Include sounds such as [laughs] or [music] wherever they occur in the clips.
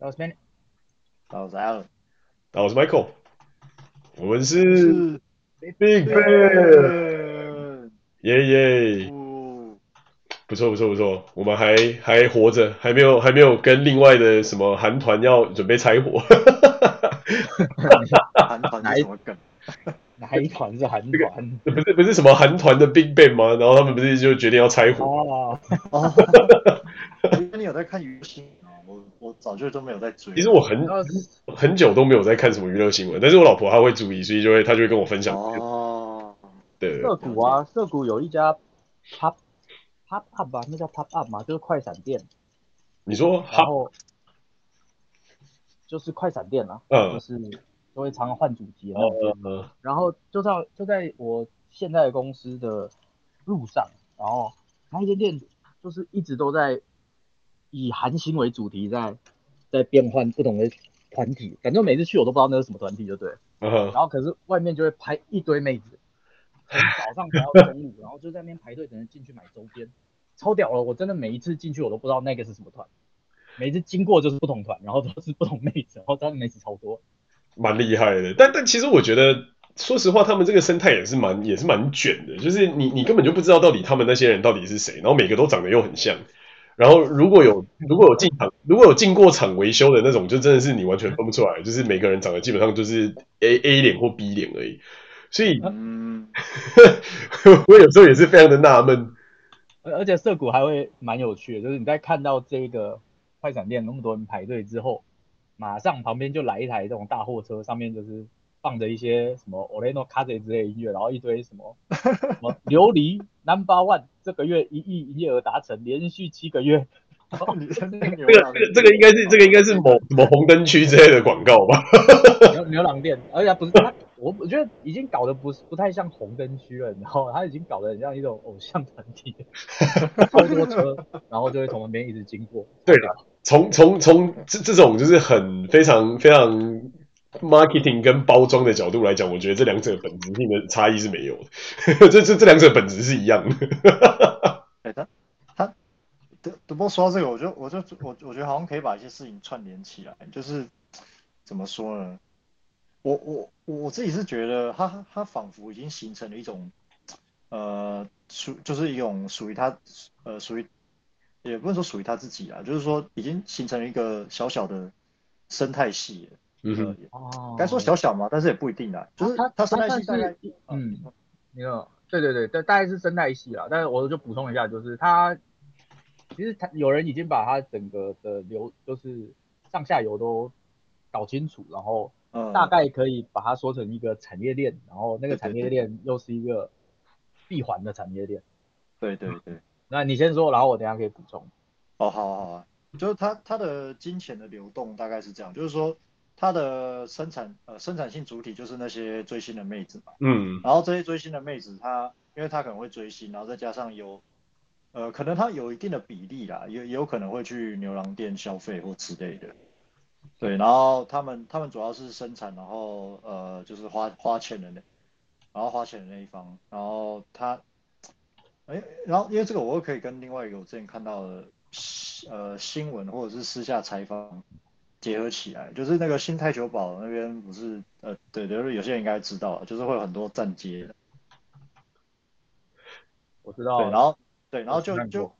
That was Ben. That was Alan. That was Michael. We're That was Big Bang. Yeah, yeah.、Ooh. 不錯，不錯，不錯。我們還還活着，還沒有還沒有跟另外的什麼韓團要準備拆夥。哈哈哈哈哈。 [laughs] [laughs] 哪一韓團？哪一團？哪一團是韓團？這個不是不是什麼韓團的 Big Bang 嗎？然後他們不是就決定要拆夥？哦。哈哈哈哈哈。你有在看流星？我我早就都沒有在追。其實我很、呃、很久都沒有在看什麼娛樂新聞，但是我老婆她會注意，所以就會她就會跟我分享。哦。對。澀谷啊，澀谷有一家 pop pop up 吧，那叫 pop up 嘛，就是快閃店。你說？然後就是快閃店啊，嗯。就是都會常常換主題，然、哦、後、嗯、然後就在就在我現在公司的路上，然後他那間店就是一直都在。以韓星為主題，在在變換不同的團體，反正每次去我都不知道那是什麼團體，就對了。Uh -huh. 然後可是外面就會拍一堆妹子，從早上排到中午， [laughs] 然後就在那邊排隊等着進去買周邊，超屌了！我真的每一次進去我都不知道那個是什麼團，每一次經過就是不同團，然後都是不同妹子，然後真的妹子超多，蠻厲害的。但但其實我覺得，說實話，他們這個生態也是蠻也是蠻卷的，就是你你根本就不知道到底他們那些人到底是誰，然後每個都長得又很像。然後如果有，如果有進廠，如果有進過廠維修的那種，就真的是你完全分不出來，就是每個人長得基本上就是 A A 臉或 B 臉而已。所以，嗯、 [laughs] 我有時候也是非常的納悶。而且澀谷還會蠻有趣的，就是你在看到這個快閃店那麼多人排隊之後，馬上旁邊就來一台這種大貨車，上面就是放着一些什麼 Ole No Cafe 之類的音樂，然後一堆什麼什麼琉璃。 [laughs] Number one，這個月一億營業額達成，連續七個月。 [laughs] [laughs] [laughs] [laughs] 這個這個這個應該是這個應該是某某紅燈區之類的廣告吧？ [laughs] 牛牛郎店，而且他不是 [laughs] 他，我我覺得已經搞得不不太像紅燈區了，然後他已經搞得很像一種偶像團體，超 [laughs] 多 [laughs] 車，車，然後就會從那邊一直經過。對的，從從從這這種就是很非常非常。非常 marketing 跟包裝的角度來講，我覺得這兩者本質性的差異是沒有的。這這這兩者的本質是一樣的。來 [laughs] 他，得得不過說到這個，我覺得我就我我覺得好像可以把一些事情串聯起來，就是怎麼說呢？我我我自己是覺得他，他他仿佛已經形成了一種，呃屬就是一種屬於他，呃屬於，也不能說屬於他自己啊，就是說已經形成了一個小小的生態系。呃、嗯哦，該說小小嘛、嗯，但是也不一定啦。就是它它生態系，嗯，沒、嗯、有。對對對，大大概是生態系啦。但是我就補充一下，就是它其實它有人已經把它整個的流，就是上下游都搞清楚，然後大概可以把它說成一個產業鏈、嗯，然後那個產業鏈又是一個閉環的產業鏈。對對對，對、嗯，那你先說，然後我等下可以補充。哦，好好好，就是它它的金錢的流動大概是這樣，就是說。它的生產呃，生產性主體就是那些追星的妹子嘛，嗯，然後這些追星的妹子他，她因為她可能會追星，然後再加上有，呃，可能她有一定的比例啦也，也有可能會去牛郎店消費或之類的，對，然後他們他們主要是生產，然後呃就是花花錢的那，然後花錢的那一方，然後他，誒然後因為這個我又可以跟另外一個我之前看到的呃新聞或者是私下採訪。結合起來，就是那個新大久保那邊不是，呃，對，就是有些人應該知道，就是會有很多站街。我知道。對，然後對，然後就就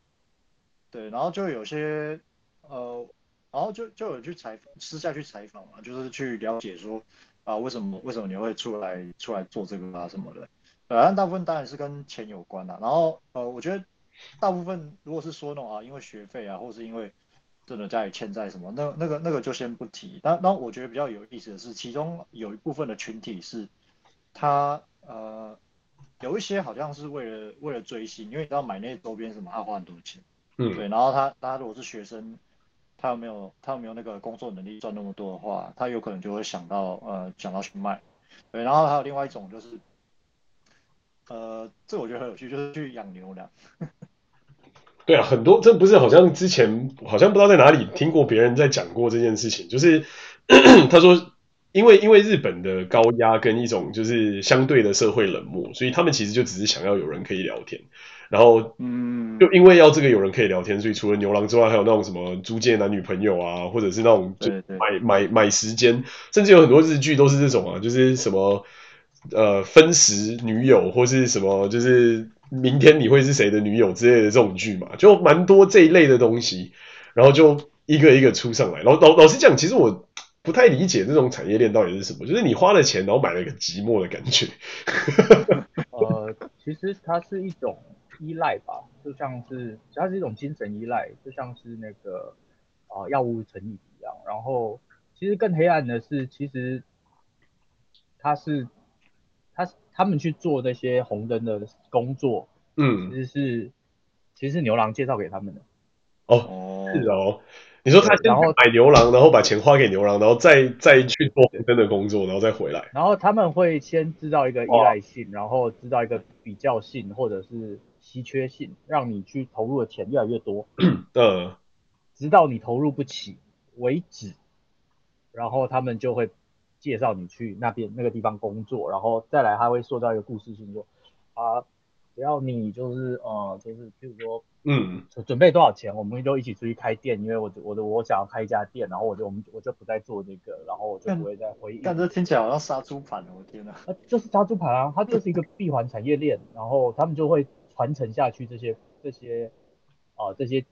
對，然後就有些呃，然後就就有去採私下去採訪嘛，就是去了解說啊、呃，為什麼為什麼你會出來出來做這個啊什麼的？反正大部分當然是跟錢有關的。然後呃，我覺得大部分如果是說那種啊，因為學費啊，或是因為。真的家裡欠債什麼，那那個那個就先不提。那那我覺得比較有意思的是，其中有一部分的群體是，他呃，有一些好像是為了為了追星，因為你知道買那些周邊什麼，他花很多錢。嗯。對，然後他，大家如果是學生，他有沒有他有沒有那個工作能力賺那麼多的話，他有可能就會想到呃想到去賣。對，然後還有另外一種就是，呃，這我覺得很有趣，就是去養牛的。 [laughs] 對啊，很多這不是好像之前好像不知道在哪裡聽過別人在講過這件事情，就是 [coughs] 他說，因為因為日本的高壓跟一種就是相對的社會冷漠，所以他們其實就只是想要有人可以聊天，然後嗯，就因為要這個有人可以聊天，所以除了牛郎之外，還有那種什麼租借男女朋友啊，或者是那種就買對對對買買，買時間，甚至有很多日劇都是這種啊，就是什麼呃分時女友或是什麼就是。明天你會是誰的女友之類的這種劇嘛，就蠻多這一類的東西，然後就一個一個出上來。然後老老、老實講，其實我不太理解這種產業鏈到底是什麼，就是你花了錢，然後買了一個寂寞的感覺。 [laughs] 呃，其實它是一種依賴吧，就像是它是一種精神依賴，就像是那個啊、呃、藥物成癮一樣。然後其實更黑暗的是，其實它是。他他們去做那些紅燈的工作，嗯，其實是其實是牛郎介紹給他們的。哦，嗯、是哦。你說他先然後買牛郎，然後把錢花給牛郎，然後再再去做紅燈的工作，然後再回來。然後他們會先制造一個依賴性，哦、然後制造一個比較性或者是稀缺性，讓你去投入的錢越來越多，的、嗯，直到你投入不起為止，然後他們就會。介紹你去那邊那個地方工作，然後再來他會塑造一個故事性，說啊，只要你就是呃，就是譬如說嗯，準備多少錢，我們就一起出去開店，因為我我的我想要開一家店，然後我就我們我就不再做這個，然後我就不會再回應。但，但這聽起來好像殺豬盤了，我天哪！啊，就是殺豬盤啊，它就是一個閉環產業鏈， [laughs] 然後他們就會傳承下去這些這些啊、呃、這些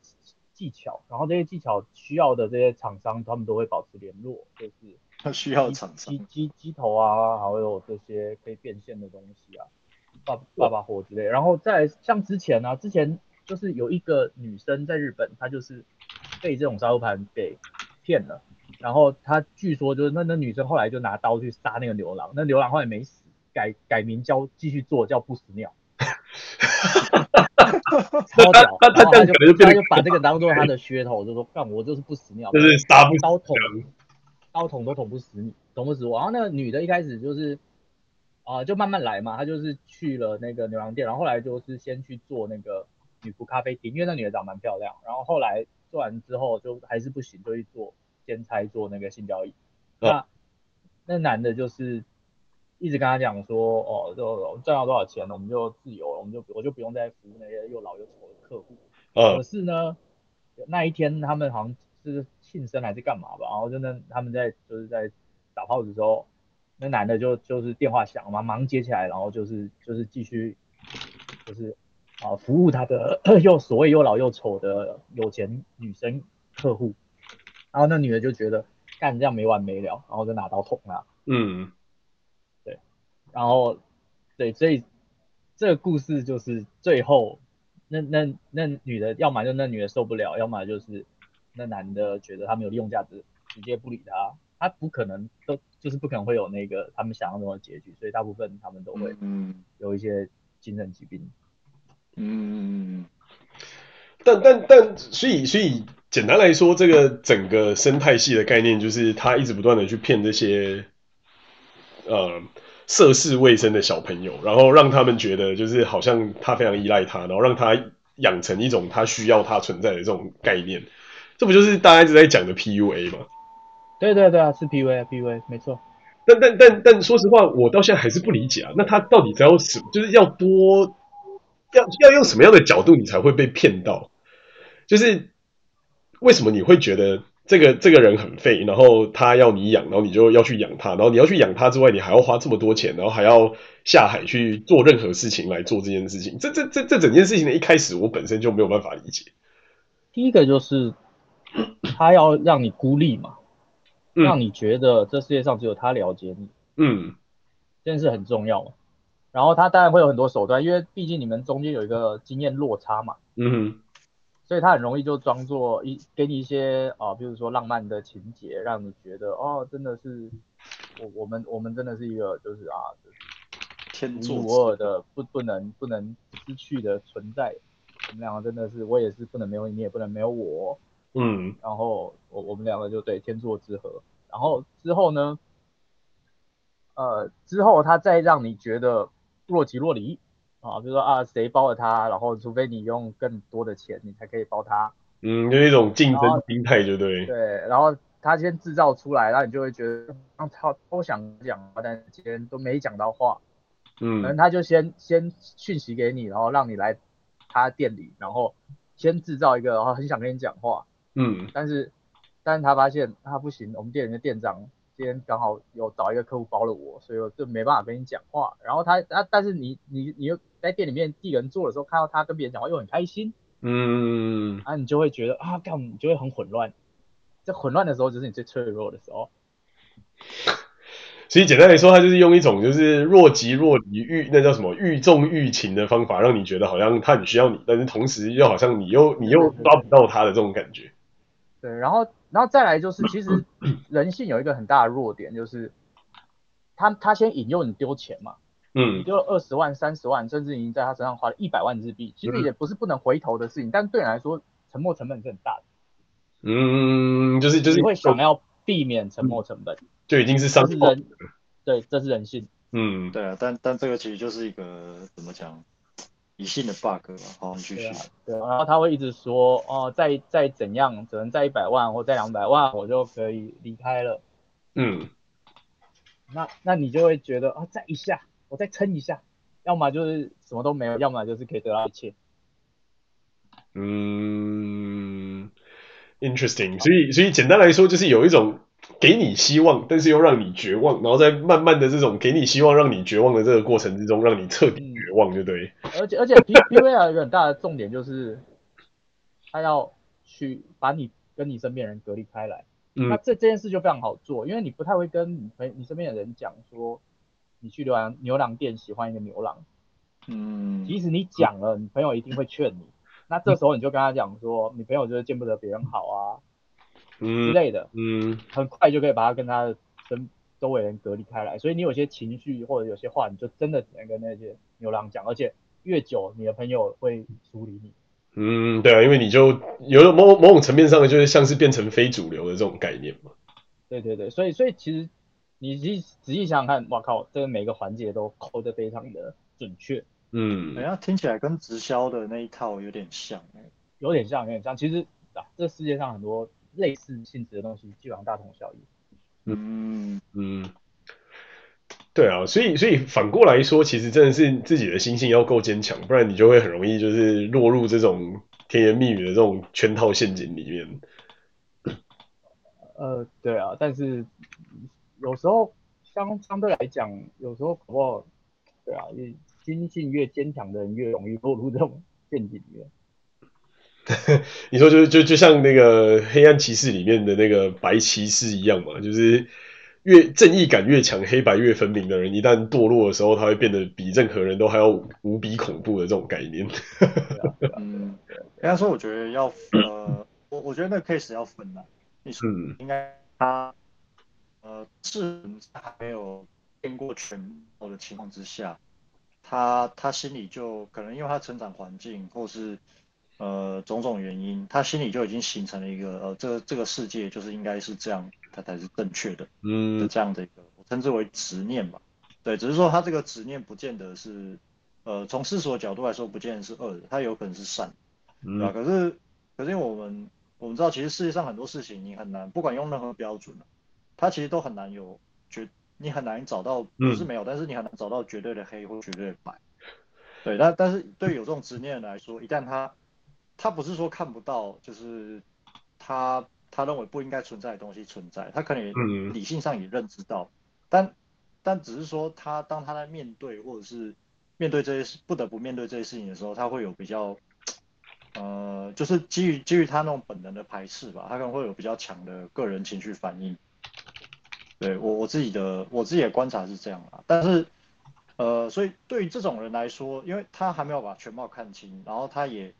技巧，然後這些技巧需要的這些廠商，他們都會保持聯絡，就是。他需要常常機機機頭啊，還有這些可以變現的東西啊，爸爸火之類。然後再像之前呢、啊，之前就是有一個女生在日本，她就是被這種殺豬盤給騙了。然後她據說就是那那女生後來就拿刀去殺那個牛郎，那牛郎後來沒死，改改名叫繼續做叫不死鳥，哈哈哈哈哈，超屌！他 [laughs] [laughs] 就，就，就把這個當作他的噱頭，就說幹 [laughs] 我就是不死鳥，就是殺不死鳥刀捅。要捅都捅不死你，捅不死我。然後那個女的一開始就是，啊、呃，就慢慢來嘛。她就是去了那個牛郎店，然後後來就是先去做那個女僕咖啡廳，因為那女的長得蠻漂亮。然後後來做完之後就還是不行，就去做兼差做那個性交易。嗯、那那男的就是一直跟她講說，哦，就賺到多少錢了，我們就自由了，我們就我就不用再服務那些又老又醜的客戶、嗯。可是呢，那一天他們好像是。慶生還是幹嘛吧，然後就那他們在就是在打炮子的時候，那男的就就是電話響嘛，忙接起來，然後就是就是繼續就是啊服務他的又所謂又老又醜的有錢女生客戶，然後那女的就覺得幹這樣沒完沒了，然後就拿刀捅他。嗯，對，然後對，所以這個故事就是最後那那那女的要麼就那女的受不了，要麼就是。那男的覺得他沒有利用價值，直接不理他，他不可能都就是不可能會有那個他們想要的結局，所以大部分他們都會嗯有一些精神疾病。嗯，嗯，但但但所以所以簡單來說，這個整個生態系的概念就是他一直不斷的去騙這些呃涉世未深的小朋友，然後讓他們覺得就是好像他非常依賴他，然後讓他養成一種他需要他存在的這種概念。這不就是大家一直在講的 PUA 嗎？對對對啊，是 PUA，PUA，PUA，沒錯。但但但但，說實話，我到現在還是不理解啊。那他到底在要什麼，就是要多，要要用什麼樣的角度，你才會被騙到？就是為什麼你會覺得這個這個人很廢，然後他要你養，然後你就要去養他，然後你要去養他之外，你還要花這麼多錢，然後還要下海去做任何事情來做這件事情。這這這這整件事情的一開始，我本身就沒有辦法理解。第一個就是。他要讓你孤立嘛、嗯，讓你覺得這世界上只有他了解你，嗯，真是很重要嘛、嗯。然後他當然會有很多手段，因為畢竟你們中間有一個經驗落差嘛，嗯，所以他很容易就裝作一給你一些啊、呃，比如說浪漫的情節，讓你覺得哦，真的是我我們我們真的是一個就是啊，天下無二的不不能不能失去的存在。我們兩個真的是我也是不能沒有你，你也不能沒有我。嗯，然後我我們兩個就對天作之合，然後之後呢，呃，之後他再讓你覺得若即若離啊，就說啊誰包了他，然後除非你用更多的錢，你才可以包他。嗯，就一種競爭心態，就對？對，然後他先製造出來，然後你就會覺得讓他都想講話，但是今天都沒講到話。嗯，反正他就先先訊息給你，然後讓你來他店裡，然後先製造一個，然後很想跟你講話。嗯，但是但是他發現他不行，我們店裡的店長今天剛好有找一個客戶包了我，所以我就沒辦法跟你講話。然後他，啊、但是你你你又在店裡面地人做的時候，看到他跟別人講話又很開心，嗯，那、啊、你就會覺得啊，幹嘛？你就會很混亂。在混亂的時候，就是你最脆弱的時候。所以簡單來說，他就是用一種就是若即若離、欲那叫什麼欲縱欲擒的方法，讓你覺得好像他很需要你，但是同時又好像你又你又抓不到他的這種感覺。嗯嗯嗯對，然後，然後再來就是，其實人性有一個很大的弱點，就是他他先引誘你丟錢嘛，嗯，你就二十萬、三十萬，甚至已經在他身上花了一百萬日幣，其實也不是不能回頭的事情，嗯，但對你來說，沉沒成本是很大的，嗯，就是就是你會想要避免沉沒成本，就已經是傷人、嗯，對，這是人性，嗯，對啊，但但這個其實就是一個怎麼講？理性的 bug、啊、好，繼續。對、啊。對，然後他會一直說哦，再再怎樣，只能再一百萬或再兩百萬，我就可以離開了。嗯，那那你就會覺得啊、哦，再一下，我再撐一下，要麼就是什麼都沒有，要麼就是可以得到一切。嗯，interesting。所以所以簡單來說，就是有一種給你希望，但是又讓你絕望，然後在慢慢的這種給你希望、讓你絕望的這個過程之中，讓你徹底。嗯絕望，就對。 [laughs] 而且而且，PUA 有一個很大的重點就是，他要去把你跟你身邊人隔離開來。嗯、那這這件事就非常好做，因為你不太會跟你朋友、你身邊的人講說，你去牛郎牛郎店喜歡一個牛郎。嗯。即使你講了，你朋友一定會勸你、嗯。那這時候你就跟他講說，你朋友就是見不得別人好啊，嗯之類的，嗯，很快就可以把他跟他的身。周圍人隔離開來，所以你有些情緒或者有些話，你就真的只能跟那些牛郎講，而且越久你的朋友會疏離你。嗯，對啊，因為你就有了某某種層面上的，就是像是變成非主流的這種概念嘛。對對對，所以所以其實你仔細仔細想想看，哇靠，這個每個環節都扣得非常的準確。嗯，哎呀，聽起來跟直銷的那一套有點像，欸，有點像有點像，其實啊，這世界上很多類似性質的東西基本上大同小異。嗯嗯，對啊，所以所以反過來說，其實真的是自己的心性要夠堅強，不然你就會很容易就是落入這種甜言蜜語的這種圈套陷阱裡面。呃，對啊，但是有時候相相對來講，有時候搞不好，對啊，因為心性越堅強的人越容易落入這種陷阱裡面。 [laughs] 你說就就就，就像那個黑暗騎士裡面的那個白騎士一樣嘛，就是越正義感越強，黑白越分明的人，一旦墮落的時候，他會變得比任何人都還要無，無比恐怖的這種概念。 [laughs] 對啊、嗯，應該說我覺得要呃， [coughs] 我我覺得那個 case 要分吶、啊，你說應該他呃，是還沒有見過拳頭的情況之下，他他心裡就可能因為他成長環境或是。呃，種種原因，他心裡就已經形成了一個呃，這個、這個世界就是應該是這樣，他才是正確的，嗯，這樣的一個我稱之為執念吧。對，只是說他這個執念不見得是，呃，從世俗的角度來說，不見得是惡的，他有可能是善的，對、啊、可是，可是因為我們我們知道，其實世界上很多事情你很難，不管用任何標準，他其實都很難有絕，你很難找到不是沒有，但是你很難找到絕對的黑或絕對的白。對，但但是對有這種執念來說，一旦他。他不是說看不到，就是他他認為不應該存在的東西存在，他可能也理性上也認知到，但但只是說他當他在面對或者是面對這些事，不得不面對這些事情的時候，他會有比較呃，就是基於基於他那種本能的排斥吧，他可能會有比較強的個人情緒反應。對，我我自己的我自己的觀察是這樣啊，但是呃，所以對於這種人來說，因為他還沒有把全貌看清，然後他也。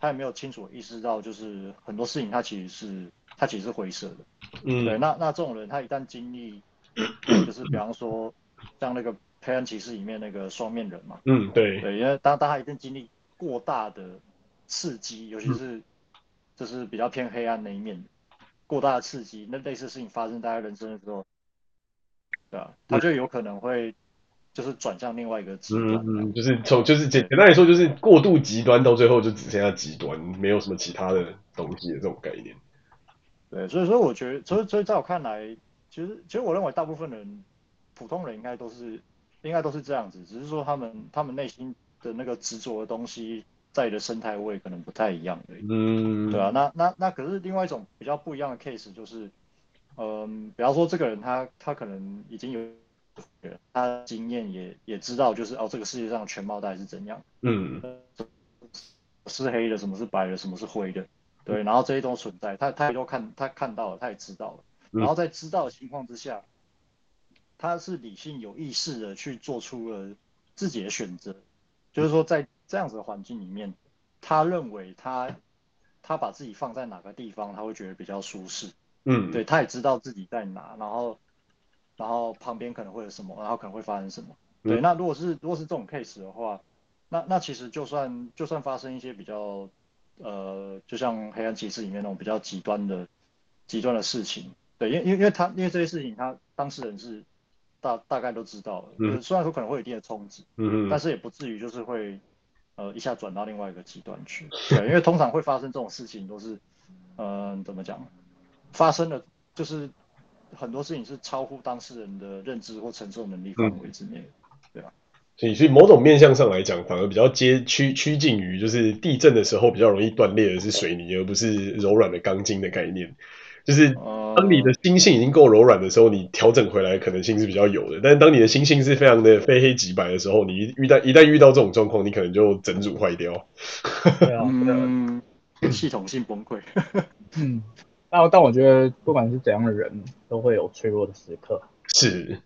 他也沒有清楚意識到，就是很多事情他其實是他其實是灰色的，嗯，對。那那這種人，他一旦經歷，就是比方說像那個《黑暗騎士》裡面那個雙面人嘛，嗯，對，對，因為當當他一旦經歷過大的刺激，尤其是就是比較偏黑暗那一面，過大的刺激，那類似事情發生在大家人生的時候，對吧？他就有可能會。就是轉向另外一個極端，嗯，就是從就是簡簡單來說，就是過度極端到最後就只剩下極端，沒有什麼其他的東西的這種概念。對，所以說我覺得，所以所以在我看來，其實其實我認為大部分人普通人應該都是應該都是這樣子，只是說他們他們內心的那個執着的東西在的生態位可能不太一樣而已。嗯，對啊，那那那可是另外一種比較不一樣的 case 就是，嗯，比方說這個人他他可能已經有。對，他經驗也也知道，就是哦，這個世界上的全貌大概是怎樣？嗯，是黑的，什麼是白的，什麼是灰的？對，然後這些東西存在，他他也都看，他看到了，他也知道了。然後在知道的情況之下，他是理性有意識的去做出了自己的選擇，就是說在這樣子的環境裡面，他認為他他把自己放在哪個地方，他會覺得比較舒適。嗯，對，他也知道自己在哪，然後。然後旁邊可能會有什麼，然後可能會發生什麼？對，那如果是如果是這種 case 的話，那那其實就算就算發生一些比較呃，就像《黑暗騎士》裡面那種比較極端的極端的事情，對，因因因為他因為這些事情，他當事人是大大概都知道了，就是、雖然說可能會有一定的衝擊，嗯，但是也不至於就是會呃一下轉到另外一個極端去，對，因為通常會發生這種事情都是嗯、呃、怎麼講，發生了就是。很多事情是超乎當事人的認知或承受能力範圍之內的、嗯，對吧？所以，所以某種面向上來講，反而比較接趨趨近於，就是地震的時候比較容易斷裂的是水泥，而不是柔軟的鋼筋的概念。就是當你的心性已經夠柔軟的時候，你調整回來可能性是比較有的。但是，當你的心性是非常的非黑即白的時候，你一,一旦一旦遇到這種狀況，你可能就整組壞掉、嗯 [laughs] 嗯，系統性崩潰。 [laughs] 嗯但但我覺得，不管是怎樣的人，都會有脆弱的時刻。是，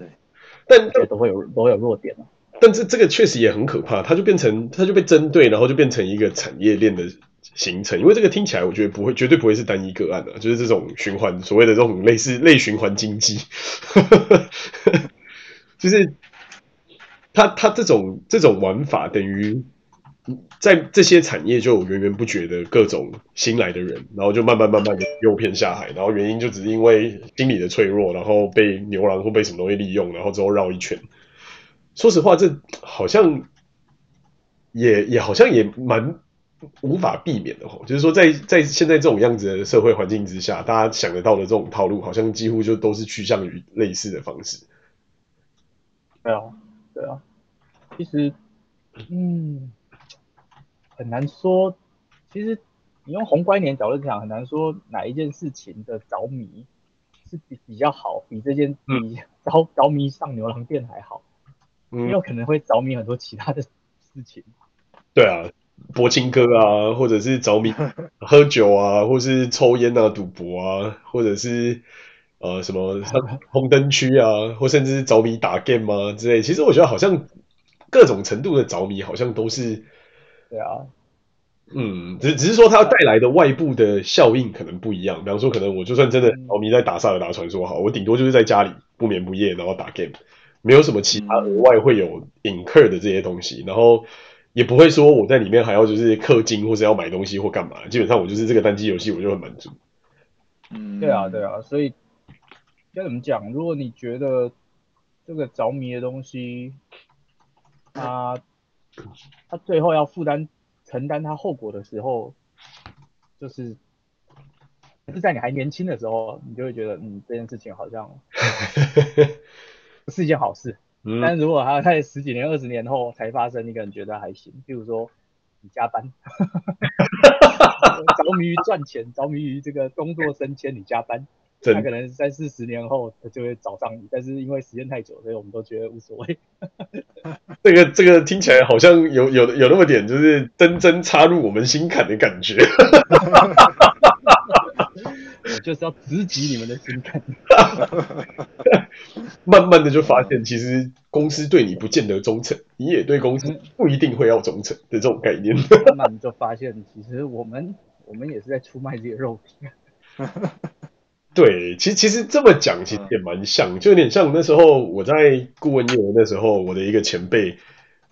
但都會有都會有弱點，但這，這個確實也很可怕，它就變成它就被針對，然後就變成一個產業鏈的形成。因為這個聽起來，我覺得不會，絕對不會是單一個案的啊，就是這種循環，所謂的這種類似類循環經濟， [laughs] 就是他他這種這種玩法等於。在這些產業，就源源不絕的各種新來的人，然後就慢慢慢慢的誘騙下海，然後原因就只是因為心理的脆弱，然後被牛郎或被什麼東西利用，然後之後繞一圈。說實話，這好像也也好像也蠻無法避免的吼，就是說在，在在現在這種樣子的社會環境之下，大家想得到的這種套路，好像幾乎就都是趨向於類似的方式。對啊，對啊，其實，嗯。很難說，其實你用宏觀一點角度講，很難說哪一件事情的着迷是比比較好，比這件迷着、嗯、着，着迷上牛郎店還好，嗯，有可能會着迷很多其他的事情。嗯、對啊，柏青哥啊，或者是着迷 [laughs] 喝酒啊，或是抽煙啊，賭博啊，或者是呃什麼紅燈區啊，或甚至是着迷打 game 啊之類。其實我覺得好像各種程度的着迷，好像都是。對啊，嗯，只只是說它帶來的外部的效應可能不一樣。比方說，可能我就算真的沉迷、嗯、在打《塞爾達傳說》好，我頂多就是在家裡不眠不夜，然後打 game，沒有什麼其他額外會有隱 r 的這些東西，然後也不會說我在裡面還要就是氪金或者要買東西或幹嘛。基本上我就是這個單機遊戲我就很滿足。嗯，對啊，對啊，所以該怎麼講？如果你覺得這個着迷的東西，它、啊。他最後要負擔承擔他後果的時候，就是是在你還年輕的時候，你就會覺得，嗯，這件事情好像 [laughs] 不是一件好事。嗯、但是如果他在十幾年、二十年後才發生，你可能覺得還行。譬如說，你加班，着 [laughs] [laughs] 迷於賺錢，着迷於這個工作升遷，你加班。他可能三四十年後他就會找上你，但是因為時間太久，所以我們都覺得無所謂。這個這個聽起來好像有有有那麼點，就是真真插入我們心坎的感覺。 [laughs] 就是要直擊你們的心坎。 [laughs] 慢慢的就發現，其實公司對你不見得忠誠，你也對公司不一定會要忠誠的這種概念。 [laughs] 慢慢的就發現，其實我們我們也是在出賣這些肉體。 [laughs] 對，其實其實這麼講，其實也蠻像，就有點像那時候我在顧問業那時候，我的一個前輩，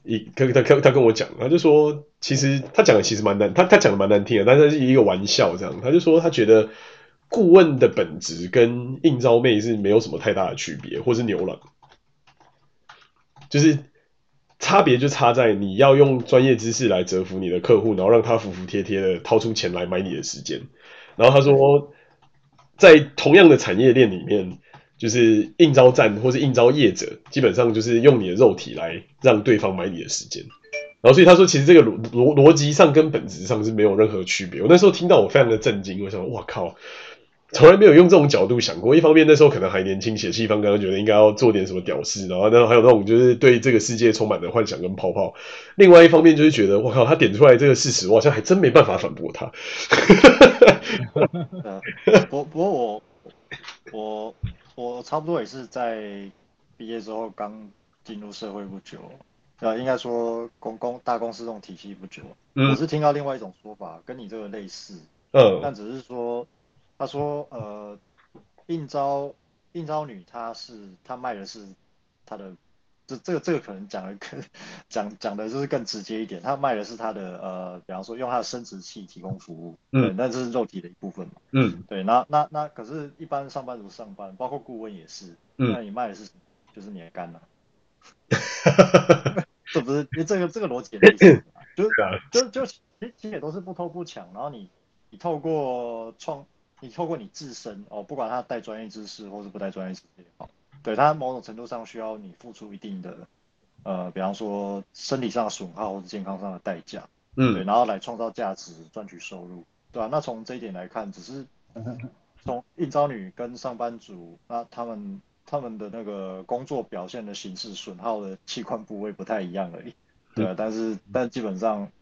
一他他他跟我講，他就說，其實他講的其實蠻難，他他講的蠻難聽的，但是是一個玩笑這樣，他就說他覺得顧問的本質跟應召妹是沒有什麼太大的區別，或是牛郎，就是差別就差在你要用專業知識來折服你的客戶，然後讓他服服帖帖的掏出錢來買你的時間，然後他說。在同樣的產業鏈裡面，就是應召站或是應召業者，基本上就是用你的肉體來讓對方買你的時間。然後，所以他說，其實這個邏邏輯上跟本質上是沒有任何區別。我那時候聽到，我非常的震驚，我想哇我靠！從來沒有用這種角度想過。一方面那時候可能還年輕，血氣方剛，覺得應該要做點什麼屌事，然後那還有那種就是對這個世界充滿了幻想跟泡泡。另外一方面就是覺得，我靠，他點出來這個事實，我好像還真沒辦法反駁他。哈，哈，哈，哈，哈，哈，哈，不，不過我，我，我差不多也是在畢業之後剛進入社會不久，啊，應該說公公大公司這種體系不久。嗯。我是聽到另外一種說法，跟你這個類似。嗯。但只是說。他說：“呃，應召應召女，她是她賣的是她的，這這個這個可能講的更講講的就是更直接一點，她賣的是她的呃，比方說用她的生殖器提供服務，嗯，那這是肉體的一部分嘛，嗯，對，那那那可是一般上班族上班，包括顧問也是，嗯、那你賣的是什麼就是你的肝吶、啊，這 [laughs] [laughs] 不是？這個這個邏輯也、啊，就 [coughs] 就就，就其實也都是不偷不搶，然後你你透過創。”你透過你自身哦，不管他帶專業知識或是不帶專業知識也好，對他某種程度上需要你付出一定的，呃，比方說身體上的損耗或者健康上的代價，嗯，對，然後來創造價值賺取收入，嗯、對吧、啊？那從這一點來看，只是從應招女跟上班族，那他們他們的那個工作表現的形式損耗的器官部位不太一樣而已，對，但是但基本上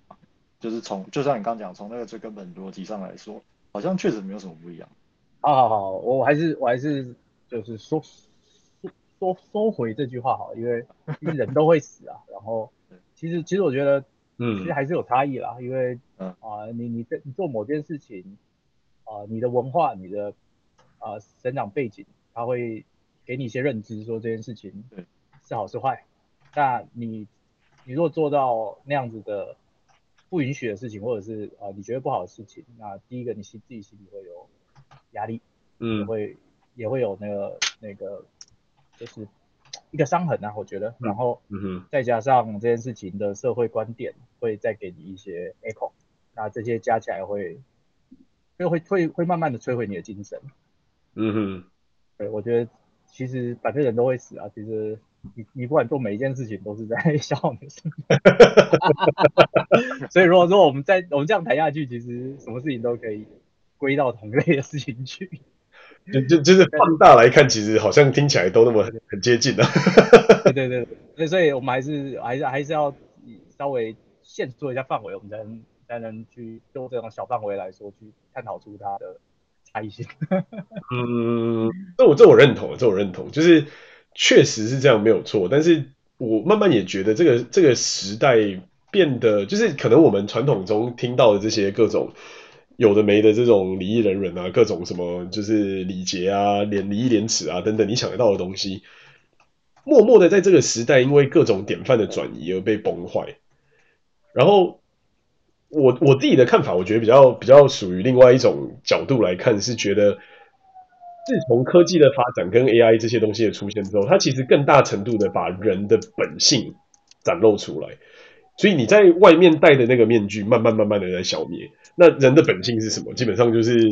就是從，就像你剛講，從那個最根本邏輯上來說。好像確實沒有什麼不一樣。好好，好，我還是，我還是，就是說，說說說回這句話好了，因為因為人都會死啊。 [laughs] 然後，其實，其實我覺得，嗯，其實還是有差異啦。因為，啊、嗯呃，你，你在，你做某件事情，啊、呃，你的文化，你的，啊、呃，成長背景，他會給你一些認知，說這件事情，對，是好是壞。那你，你如果做到那樣子的。不允許的事情，或者是啊、呃、你覺得不好的事情，那第一個你心自己心裡會有壓力，嗯，會也會有那個那個，就是一個傷痕啊，我覺得，嗯、然後、嗯哼、再加上這件事情的社會觀點，會再給你一些 echo，那這些加起來會，會會會，會慢慢的摧毀你的精神，嗯哼，對，我覺得其實反正人都會死啊，其實。你你不管做每一件事情都是在笑的， [laughs] [laughs] 所以如果說我們在我們這樣談下去，其實什麼事情都可以歸到同類的事情去。就就就是放大來看，其實好像聽起來都那麼很很接近的，啊。 [laughs] 對對對，對所以，我們還是還是還是要稍微限縮一下範圍，我們才能才能去就這種小範圍來說去探討出它的差異性。 [laughs] 嗯，這我這我認同，這我認同，就是。確實是這樣，沒有錯。但是我慢慢也覺得，這個這個時代變得，就是可能我們傳統中聽到的這些各種有的沒的這種禮義仁，仁啊，各種什麼就是禮節啊、禮、禮義廉恥啊等等，你想得到的東西，默默的在這個時代，因為各種典範的轉移而被崩壞。然後我，我我自己的看法，我覺得比較比較屬於另外一種角度來看，是覺得。自從科技的發展跟 AI 這些東西的出現之後，它其實更大程度的把人的本性展露出來。所以你在外面戴的那個面具，慢慢慢慢的在消滅。那人的本性是什麼？基本上就是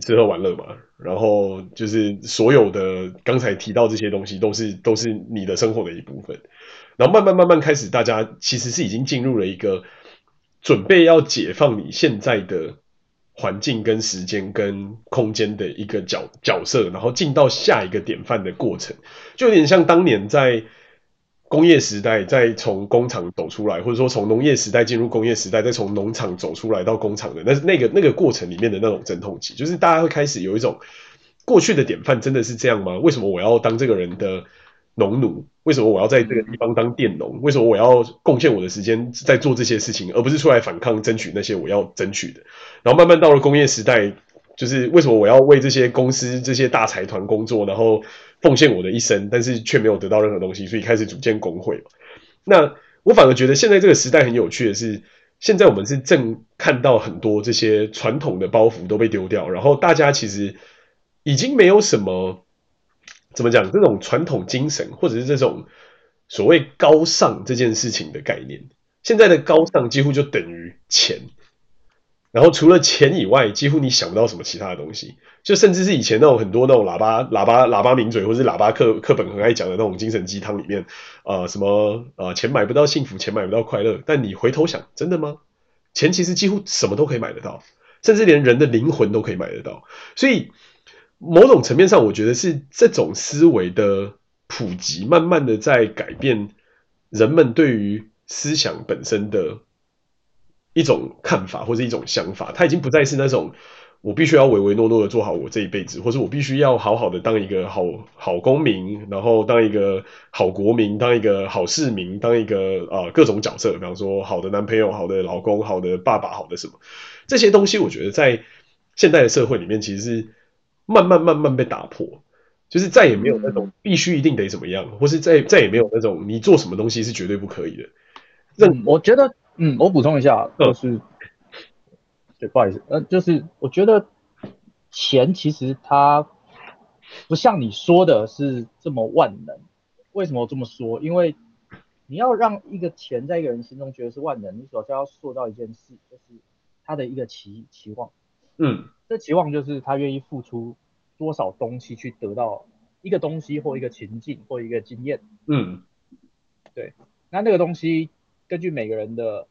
吃喝玩樂嘛。然後就是所有的剛才提到這些東西，都是都是你的生活的一部分。然後慢慢慢慢開始，大家其實是已經進入了一個準備要解放你現在的。環境跟時間跟空間的一個角角色，然後進到下一個典範的過程，就有點像當年在工業時代，在從工廠走出來，或者說從農業時代進入工業時代，再從農場走出來到工廠的，那是那個那個過程裡面的那種陣痛期，就是大家會開始有一種過去的典範真的是這樣嗎？為什麼我要當這個人的？農奴，為什麼我要在這個地方當佃農？為什麼我要貢獻我的時間在做這些事情，而不是出來反抗爭取那些我要爭取的？然後慢慢到了工業時代，就是為什麼我要為這些公司、這些大財團工作，然後奉獻我的一生，但是卻沒有得到任何東西，所以開始組建工會。那我反而覺得現在這個時代很有趣的是，現在我們是正看到很多這些傳統的包袱都被丟掉，然後大家其實已經沒有什麼。怎麼講？這種傳統精神，或者是這種所謂高尚這件事情的概念，現在的高尚幾乎就等於錢。然後除了錢以外，幾乎你想不到什麼其他的東西。就甚至是以前那種很多那種喇叭喇叭喇叭名嘴，或是喇叭課課本很愛講的那種精神雞湯裡面，啊、呃、什麼啊、呃、錢買不到幸福，錢買不到快樂。但你回頭想，真的嗎？錢其實幾乎什麼都可以買得到，甚至連人的靈魂都可以買得到。所以。某種層面上，我覺得是這種思維的普及，慢慢的在改變人們對於思想本身的一種看法，或者一種想法。它已經不再是那種我必須要唯唯諾諾的做好我這一輩子，或者我必須要好好的當一個好好公民，然後當一個好國民，當一個好市民，當一個啊、呃、各種角色，比方說好的男朋友、好的老公、好的爸爸、好的什麼。這些東西，我覺得在現代的社會裡面，其實是。慢慢慢慢被打破，就是再也沒有那種必須一定得怎麼樣，或是再再也沒有那種你做什麼東西是絕對不可以的。這、嗯、我覺得，嗯，我補充一下，就是，嗯、對，不好意思，呃，就是我覺得錢其實它不像你說的是這麼萬能。為什麼我這麼說？因為你要讓一個錢在一個人心中覺得是萬能，你首先要做到一件事，就是他的一個期期望。嗯，這期望就是他願意付出多少東西去得到一個東西或一個情境或一個經驗。嗯，對，那那個東西根據每個人的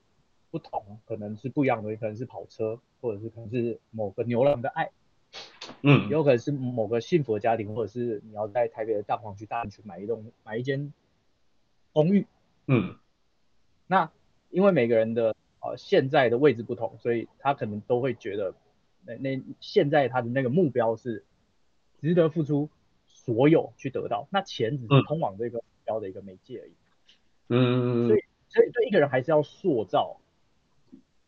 不同可能是不一樣的，可能是跑車，或者是可能是某個牛郎的愛。嗯，有可能是某個幸福的家庭，或者是你要在台北的蛋黃區大巨蛋去買一棟買一間公寓。嗯，那因為每個人的呃現在的位置不同，所以他可能都會覺得。那那現在他的那個目標是值得付出所有去得到，那錢只是通往這個目標的一個媒介而已。嗯，所以所以對一個人還是要塑造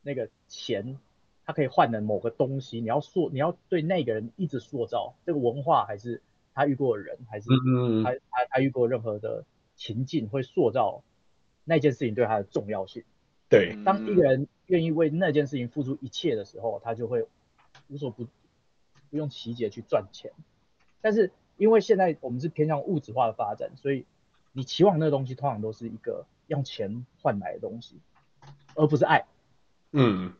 那個錢，他可以換的某個東西。你要塑，你要對那個人一直塑造這個文化，還是他遇過的人，還是他他、嗯、他遇過任何的情境，會塑造那件事情對他的重要性。嗯、對，當一個人願意為那件事情付出一切的時候，他就會。無所不不用其極去賺錢，但是因為現在我們是偏向物質化的發展，所以你期望那個東西通常都是一個用錢換來的東西，而不是愛，嗯，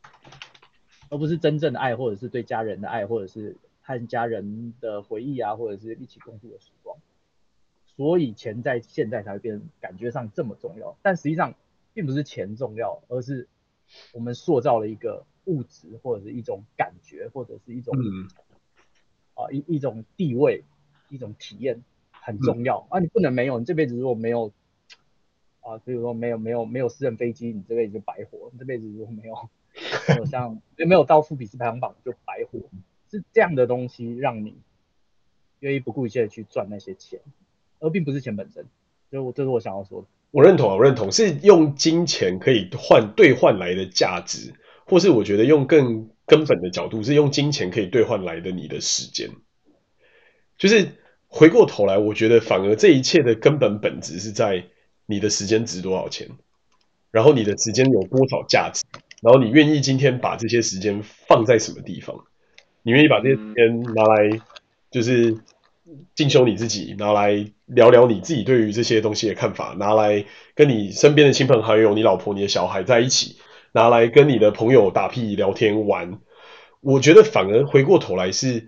而不是真正的愛，或者是對家人的愛，或者是和家人的回憶啊，或者是一起共度的時光，所以錢在現在才會變成感覺上這麼重要，但實際上並不是錢重要，而是我們塑造了一個。物質或者是一種感覺，或者是一種、嗯、啊一一種地位，一種體驗很重要，嗯、啊！你不能沒有，你這輩子如果沒有啊，比如說沒有沒有沒有私人飛機，你這輩子就白活；你這輩子如果沒有沒有 [laughs] 像也沒有到富比斯排行榜，就白活。是這樣的東西讓你願意不顧一切的去賺那些錢，而並不是錢本身。所以我，我、就、這是我想要說的。我認同啊，我認同是用金錢可以換兌換來的價值。或是我覺得用更根本的角度，是用金錢可以兌換來的你的時間。就是回過頭來，我覺得反而這一切的根本本質是在你的時間值多少錢，然後你的時間有多少價值，然後你願意今天把這些時間放在什麼地方？你願意把這些時間拿來，就是進修你自己，拿來聊聊你自己對於這些東西的看法，拿來跟你身邊的親朋好友、你老婆、你的小孩在一起。拿來跟你的朋友打屁聊天玩，我覺得反而回過頭來是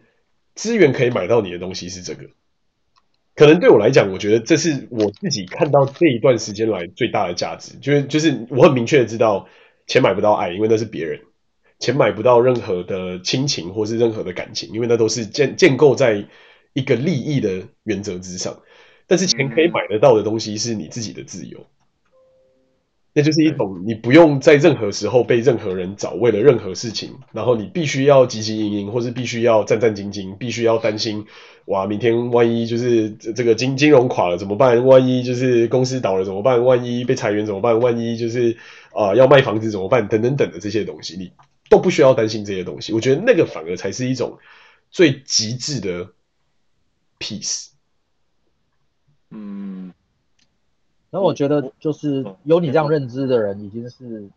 資源可以買到你的東西是這個，可能對我來講，我覺得這是我自己看到這一段時間來最大的價值，就是就是我很明確的知道錢買不到愛，因為那是別人，錢買不到任何的親情或是任何的感情，因為那都是建建構在一個利益的原則之上，但是錢可以買得到的東西是你自己的自由。那就是一種你不用在任何時候被任何人找，為了任何事情，然後你必須要汲汲營營，或是必須要戰戰兢兢，必須要擔心，哇，明天萬一就是這個金金融垮了怎麼辦？萬一就是公司倒了怎麼辦？萬一被裁員怎麼辦？萬一就是啊、呃、要賣房子怎麼辦？等，等等等的這些東西，你都不需要擔心這些東西。我覺得那個反而才是一種最極致的 peace。嗯。那我覺得，就是有你這樣認知的人已經是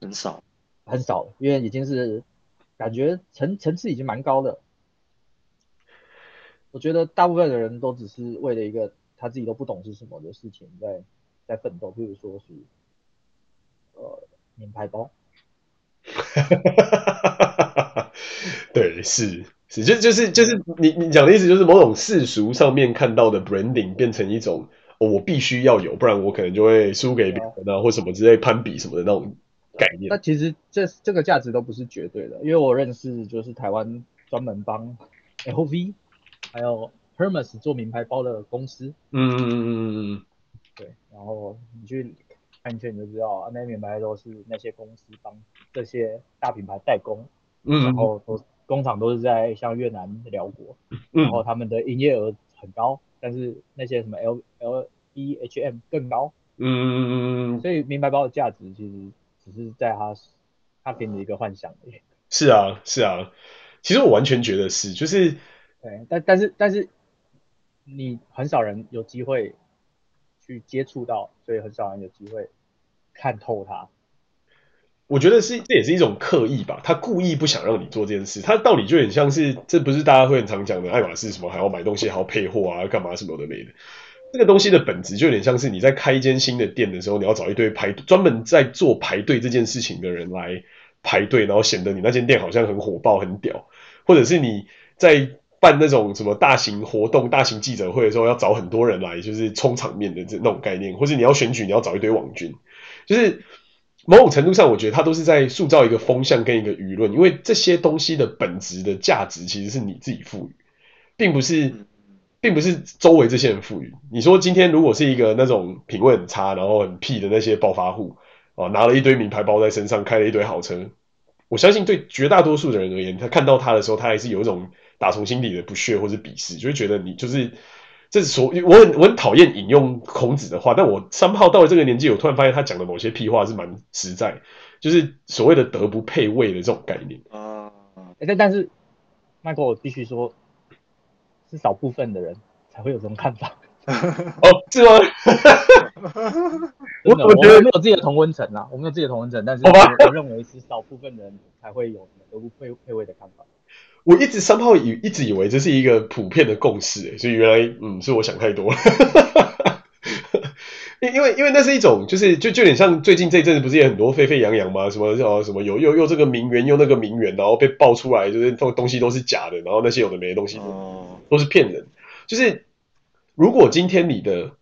很少、嗯嗯嗯欸，太少了嗯、很少，因為已經是感覺層層次已經蠻高的、嗯嗯。我覺得大部分的人都只是為了一個他自己都不懂是什麼的事情在在奮鬥，比如說是呃，名牌包。對，是是，就是、就是就是你你講的意思，就是某種世俗上面看到的 branding 變成一種。嗯嗯哦、我必須要有，不然我可能就會輸給別人啊、嗯，或什麼之類攀比什麼的那種概念。那、嗯、其實這這個價值都不是絕對的，因為我認識就是台灣專門幫 LV 還有 Hermès 做名牌包的公司。嗯嗯嗯嗯嗯。對，然後你去看一圈你就知道，啊，那些名牌都是那些公司幫這些大品牌代工，嗯、然後都工廠都是在像越南、寮、嗯、國，然後他們的營業額很高。但是那些什麼 L L E H M 更高。嗯嗯嗯嗯嗯。所以名牌包的價值其實只是在它它給你的一個幻想而已，嗯。是啊是啊，其實我完全覺得是，就是哎，但但是但是你很少人有機會去接觸到，所以很少人有機會看透它。我覺得是，這也是一種刻意吧，他故意不想讓你做這件事。他道理就有點像是，這不是大家會很常講的愛馬仕什麼，還要買東西，還要配貨啊，幹嘛什麼有的沒的。這、那個東西的本質就有點像是你在開一間新的店的時候，你要找一堆排專門在做排隊這件事情的人來排隊，然後顯得你那間店好像很火爆、很屌。或者是你在辦那種什麼大型活動、大型記者會的時候，要找很多人來就是充場面的這那種概念，或是你要選舉，你要找一堆網軍，就是。某種程度上，我覺得他都是在塑造一個風向跟一個輿論，因為這些東西的本質的價值其實是你自己賦予，並不是，並不是周圍這些人賦予。你說今天如果是一個那種品味很差，然後很屁的那些暴發戶啊，拿了一堆名牌包在身上，開了一堆豪車，我相信對絕大多數的人而言，他看到他的時候，他還是有一種打從心底的不屑或者鄙視，就會覺得你就是。這是所我很是我很討厭引用孔子的話，但我三號到了這個年紀，我突然發現他講的某些屁話是蠻實在，就是所謂的“德不配位”的這種概念啊。但、嗯欸、但是，麥可，我必須說是少部分的人才會有這種看法。哦，是嗎？ [laughs] [laughs] 我我覺得我有自己的同溫層啊，我沒有自己的同溫層，但是我認為是少部分的人才會有“德不配配位”的看法。我一直三炮以一直以為，這是一個普遍的共識，所以原來嗯是我想太多了，因 [laughs] 因為因為那是一種就是就就有點像最近這陣子不是也很多沸沸揚揚嗎？什麼叫什麼有又又這個名媛又那個名媛，然後被爆出來就是東東西都是假的，然後那些有的沒的東西都、都是騙人。就是如果今天你的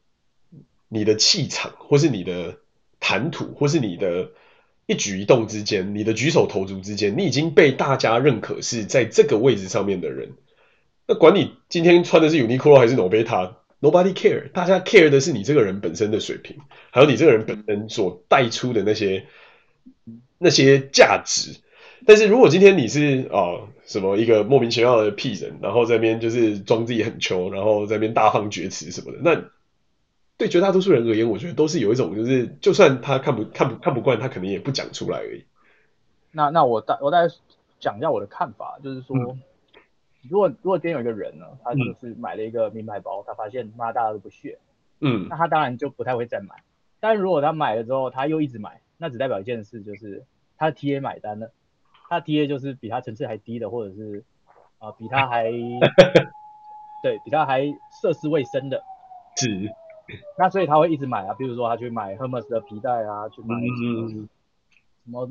你的氣場或是你的談吐或是你的。一舉一動之間，你的舉手投足之間，你已經被大家認可，是在這個位置上面的人。那管你今天穿的是 Uniqlo 還是 Nobeta，Nobody care，大家 care 的是你這個人本身的水平，還有你這個人本身所帶出的那些那些價值。但是如果今天你是啊什麼一個莫名其妙的屁人，然後在那邊就是裝自己很窮，然後在那邊大放厥詞什麼的，那對絕大多數人而言，我覺得都是有一種，就是就算他看不看不看不慣，他可能也不講出來而已。那那我待我待會講一下我的看法，就是說，嗯、如果如果今天有一個人呢，他就是買了一個名牌包，嗯、他發現媽大家都不屑，嗯，那他當然就不太會再買。但如果他買了之後，他又一直買，那只代表一件事，就是他 TA 買單了。他 TA 就是比他層次還低的，或者是啊、呃、比他還 [laughs] 對比他還涉世未深的。 [noise] 那所以他會一直買啊，比如說他去買 Hermès 的皮帶啊，mm -hmm. 去買一些什麼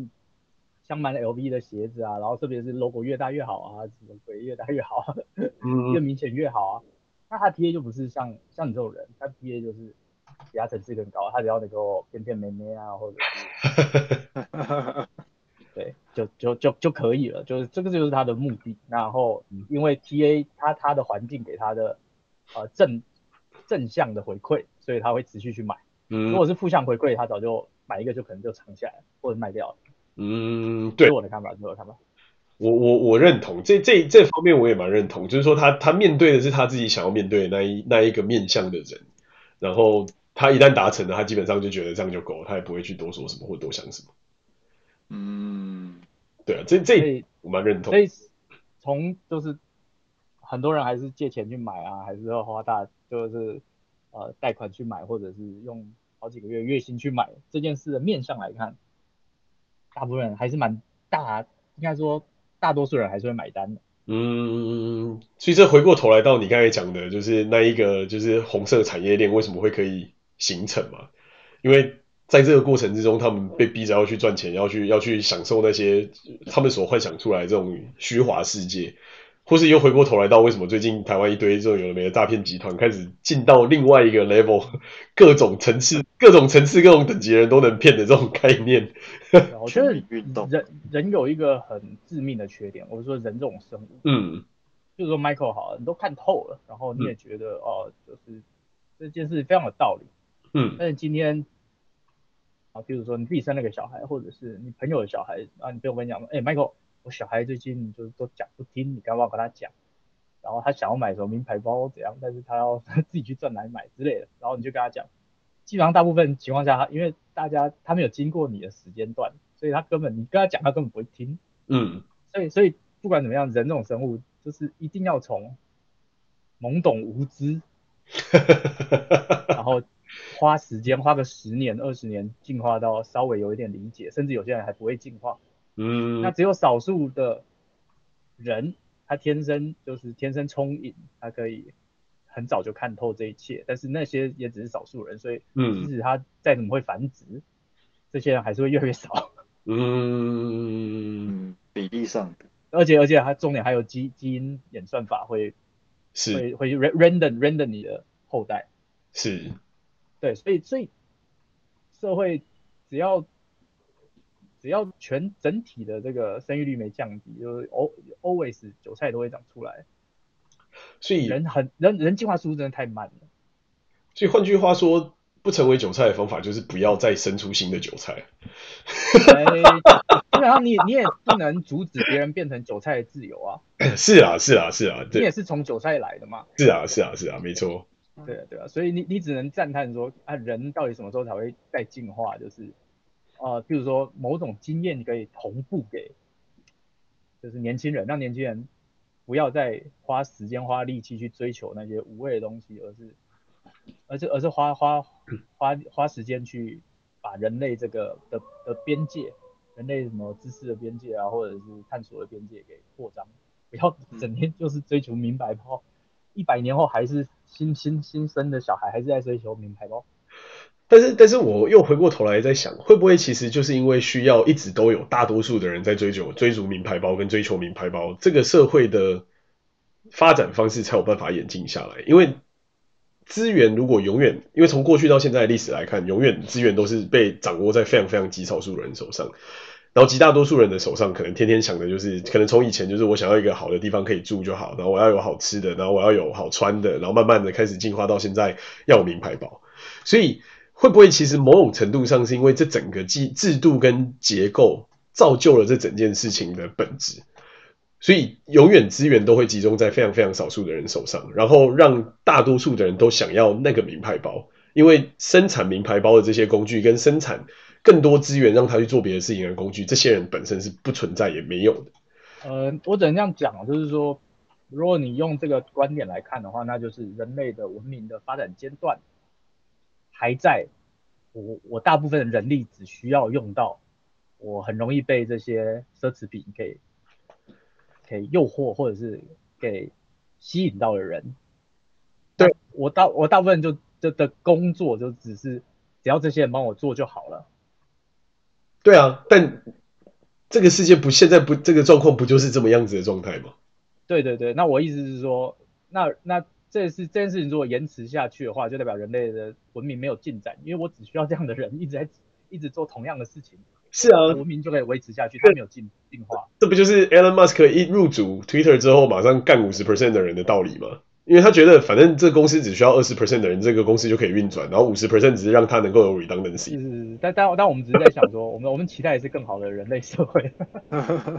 鑲滿 LV 的鞋子啊，然後特別是 logo 越大越好啊，什麼鬼越大越好啊，mm -hmm. 越明顯越好啊。那他 TA 就不是像像你這種人，他 TA 就是比他層次更高，他只要能夠騙騙妹妹啊，或者是 [laughs] [laughs] 對，就就就就可以了，就是這個就是他的目的。然後因為 TA 他他，他的環境給他的呃正。正向的回饋，所以他會持續去買。嗯，如果是負向回饋，他早就買一個就可能就藏起來或者賣掉了。嗯，對，是我的看法，是我的看法。我我我認同這這這方面我也蠻認同，就是說他他面對的是他自己想要面對的那一那一個面向的人，然後他一旦達成了，他基本上就覺得這樣就夠了，他也不會去多說什麼或多想什麼。嗯，對啊，這這我蠻認同。所以從就是很多人還是借錢去買啊，還是要花大。就是呃，貸款去買，或者是用好幾個月月薪去買這件事的面向來看，大部分人還是蠻大，應該說大多數人還是會買單的。嗯嗯。嗯，所以這回過頭來到你剛才講的，就是那一個就是紅色產業鏈為什麼會可以形成嘛？因為在這個過程之中，他們被逼着要去賺錢，要去要去享受那些他們所幻想出來這種虛華世界。或是又回過頭來到為什麼最近台灣一堆這種有的沒的詐騙集團開始進到另外一個 level，各種層次、各種層次、各種等級的人都能騙的這種概念。我覺得人人有一個很致命的缺點，我們說人這種生物，嗯，就是說 Michael，好啊，你都看透了，然後你也覺得、嗯、哦，就是這件事非常有道理，嗯。但是今天啊，譬如說你自己生了個小孩，或者是你朋友的小孩啊，你不用分享嗎？哎，Michael 我小孩最近就是都講不聽，你幹嘛要跟他講？然後他想要買什麼名牌包怎樣，但是他要自己去賺來買之類的，然後你就跟他講。基本上大部分情況下他，他因為大家他沒有經過你的時間段，所以他根本你跟他講，他根本不會聽。嗯。所以所以不管怎麼樣，人這種生物就是一定要從懵懂無知， [laughs] 然後花時間花個十年二十年進化到稍微有一點理解，甚至有些人還不會進化。嗯，那只有少數的人，他天生就是天生聰穎，他可以很早就看透這一切。但是那些也只是少數人，所以即使他再怎麼會繁殖，嗯，這些人還是會越來越少。嗯，比例上，而且而且還重點還有基基因演算法會是會會 random random 你的後代是，對，所以所以社會只要。只要全整體的這個生育率沒降低，就是、al, always 韭菜都會長出來。所以人很人，人進化速度真的太慢了。所以換句話說，不成為韭菜的方法就是不要再生出新的韭菜。基本上你你也不能阻止別人變成韭菜的自由啊。是啊，是啊，是啊，你也是從韭菜來的嘛。是啊，是啊，是啊，沒錯。對啊，對啊，所以你你只能讚嘆說啊，人到底什麼時候才會再進化？就是。啊、呃，譬如說某種經驗，你可以同步給，就是年輕人，讓年輕人不要再花時間花力氣去追求那些無謂的東西，而是，而是而是花花花花時間去把人類這個的的邊界，人類什麼知識的邊界啊，或者是探索的邊界給擴張，不要整天就是追求名牌包，一百年後還是新新新生的小孩，還是在追求名牌包。但是，但是我又回過頭來再想，會不會其實就是因為需要一直都有大多數的人在追求、追逐名牌包跟追求名牌包，這個社會的發展方式才有辦法演進下來？因為資源如果永遠，因為從過去到現在的歷史來看，永遠資源都是被掌握在非常非常極少數的人手上，然後極大多數人的手上可能天天想的就是，可能從以前就是我想要一個好的地方可以住就好，然後我要有好吃的，然後我要有好穿的，然後慢慢的開始進化到現在要有名牌包，所以。會不會其實某種程度上是因為這整個制制度跟結構造就了這整件事情的本質，所以永遠資源都會集中在非常非常少數的人手上，然後讓大多數的人都想要那個名牌包，因為生產名牌包的這些工具跟生產更多資源讓他去做別的事情的工具，這些人本身是不存在也沒有的。呃，我只能這樣講就是說，如果你用這個觀點來看的話，那就是人類的文明的發展階段。還在，我我大部分的人力只需要用到，我很容易被這些奢侈品給給誘惑或者是給吸引到的人，對，我大我大部分就就的工作就只是只要這些人幫我做就好了。對啊，但這個世界不現在不，這個狀況不就是這麼樣子的狀態嗎？對對對，那我意思是說，那那。這事，這件事情如果延遲下去的話，就代表人類的文明沒有進展，因為我只需要這樣的人一直在一直做同樣的事情。是啊，文明就可以維持下去，他沒有進進化這。這不就是 Elon Musk 一入主 Twitter 之後馬上幹五十 percent 的人的道理嗎？嗯。因為他覺得反正這公司只需要二十 percent 的人，這個公司就可以運轉，然後五十 percent 只是讓他能夠有 redundancy。是，是，但但但我們只是在想說， [laughs] 我們我們期待的是更好的人類社會。 [laughs]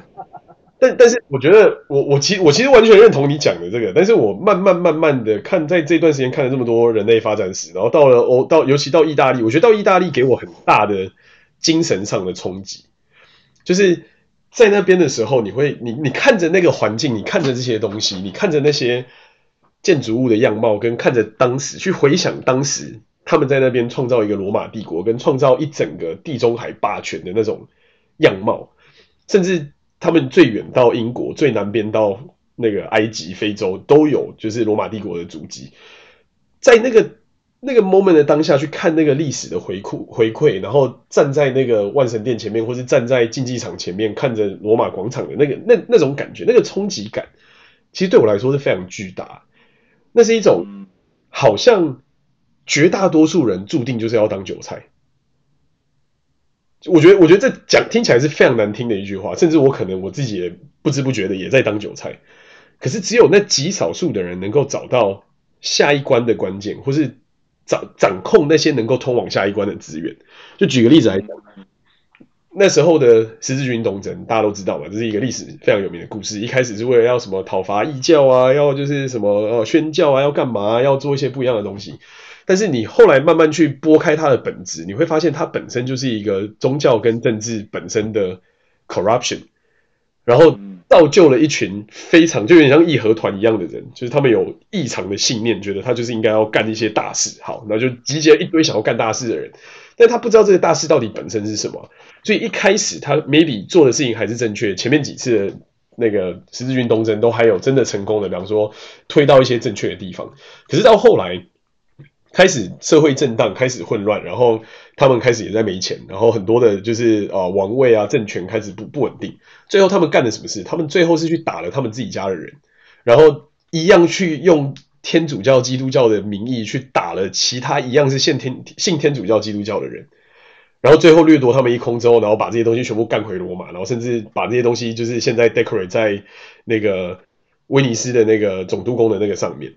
但但是我覺得我我其實我其實完全認同你講的這個，但是我慢慢慢慢的看，在這段時間看了這麼多人類發展史，然後到了歐，到尤其到意大利，我覺得到意大利給我很大的精神上的衝擊，就是在那邊的時候你，你會你你看着那個環境，你看着這些東西，你看着那些建築物的樣貌，跟看着當時去回想當時他們在那邊創造一個羅馬帝國，跟創造一整個地中海霸權的那種樣貌，甚至。他們最遠到英國，最南邊到那個埃及、非洲，都有就是羅馬帝國的足迹。在那個那個 moment 的當下去看那個歷史的回顧回饋，然後站在那個萬神殿前面，或是站在競技場前面，看着羅馬廣場的那個那那種感覺，那個衝擊感，其實對我來說是非常巨大。那是一種好像絕大多數人注定就是要當韭菜。我覺得，我覺得這講聽起來是非常難聽的一句話，甚至我可能我自己也不知不覺的也在當韭菜。可是只有那極少數的人能夠找到下一關的關鍵，或是掌掌控那些能夠通往下一關的資源。就舉個例子來講，那時候的十字軍東征，大家都知道嘛，這是一個歷史非常有名的故事。一開始是為了要什麼討伐異教啊，要就是什麼宣教啊，要幹嘛，要做一些不一樣的東西。但是你後來慢慢去撥開它的本質，你會發現它本身就是一個宗教跟政治本身的 corruption，然後造就了一群非常就有點像義和團一樣的人，就是他們有異常的信念，覺得他就是應該要幹一些大事。好，那就集結一堆想要幹大事的人，但他不知道這個大事到底本身是什麼，所以一開始他 maybe 做的事情還是正確，前面幾次的那個十字軍東征都還有真的成功的，比方說推到一些正確的地方，可是到後來。開始社會震盪，開始混亂，然後他們開始也在沒錢，然後很多的就是啊王位啊政權開始不不穩定。最後他們幹了什麼事？他們最後是去打了他們自己家的人，然後一樣去用天主教基督教的名義去打了其他一樣是信天信天主教基督教的人，然後最後掠奪他們一空之後，然後把這些東西全部幹回羅馬，然後甚至把這些東西就是現在 decorate 在那個威尼斯的那個總督宮的那個上面，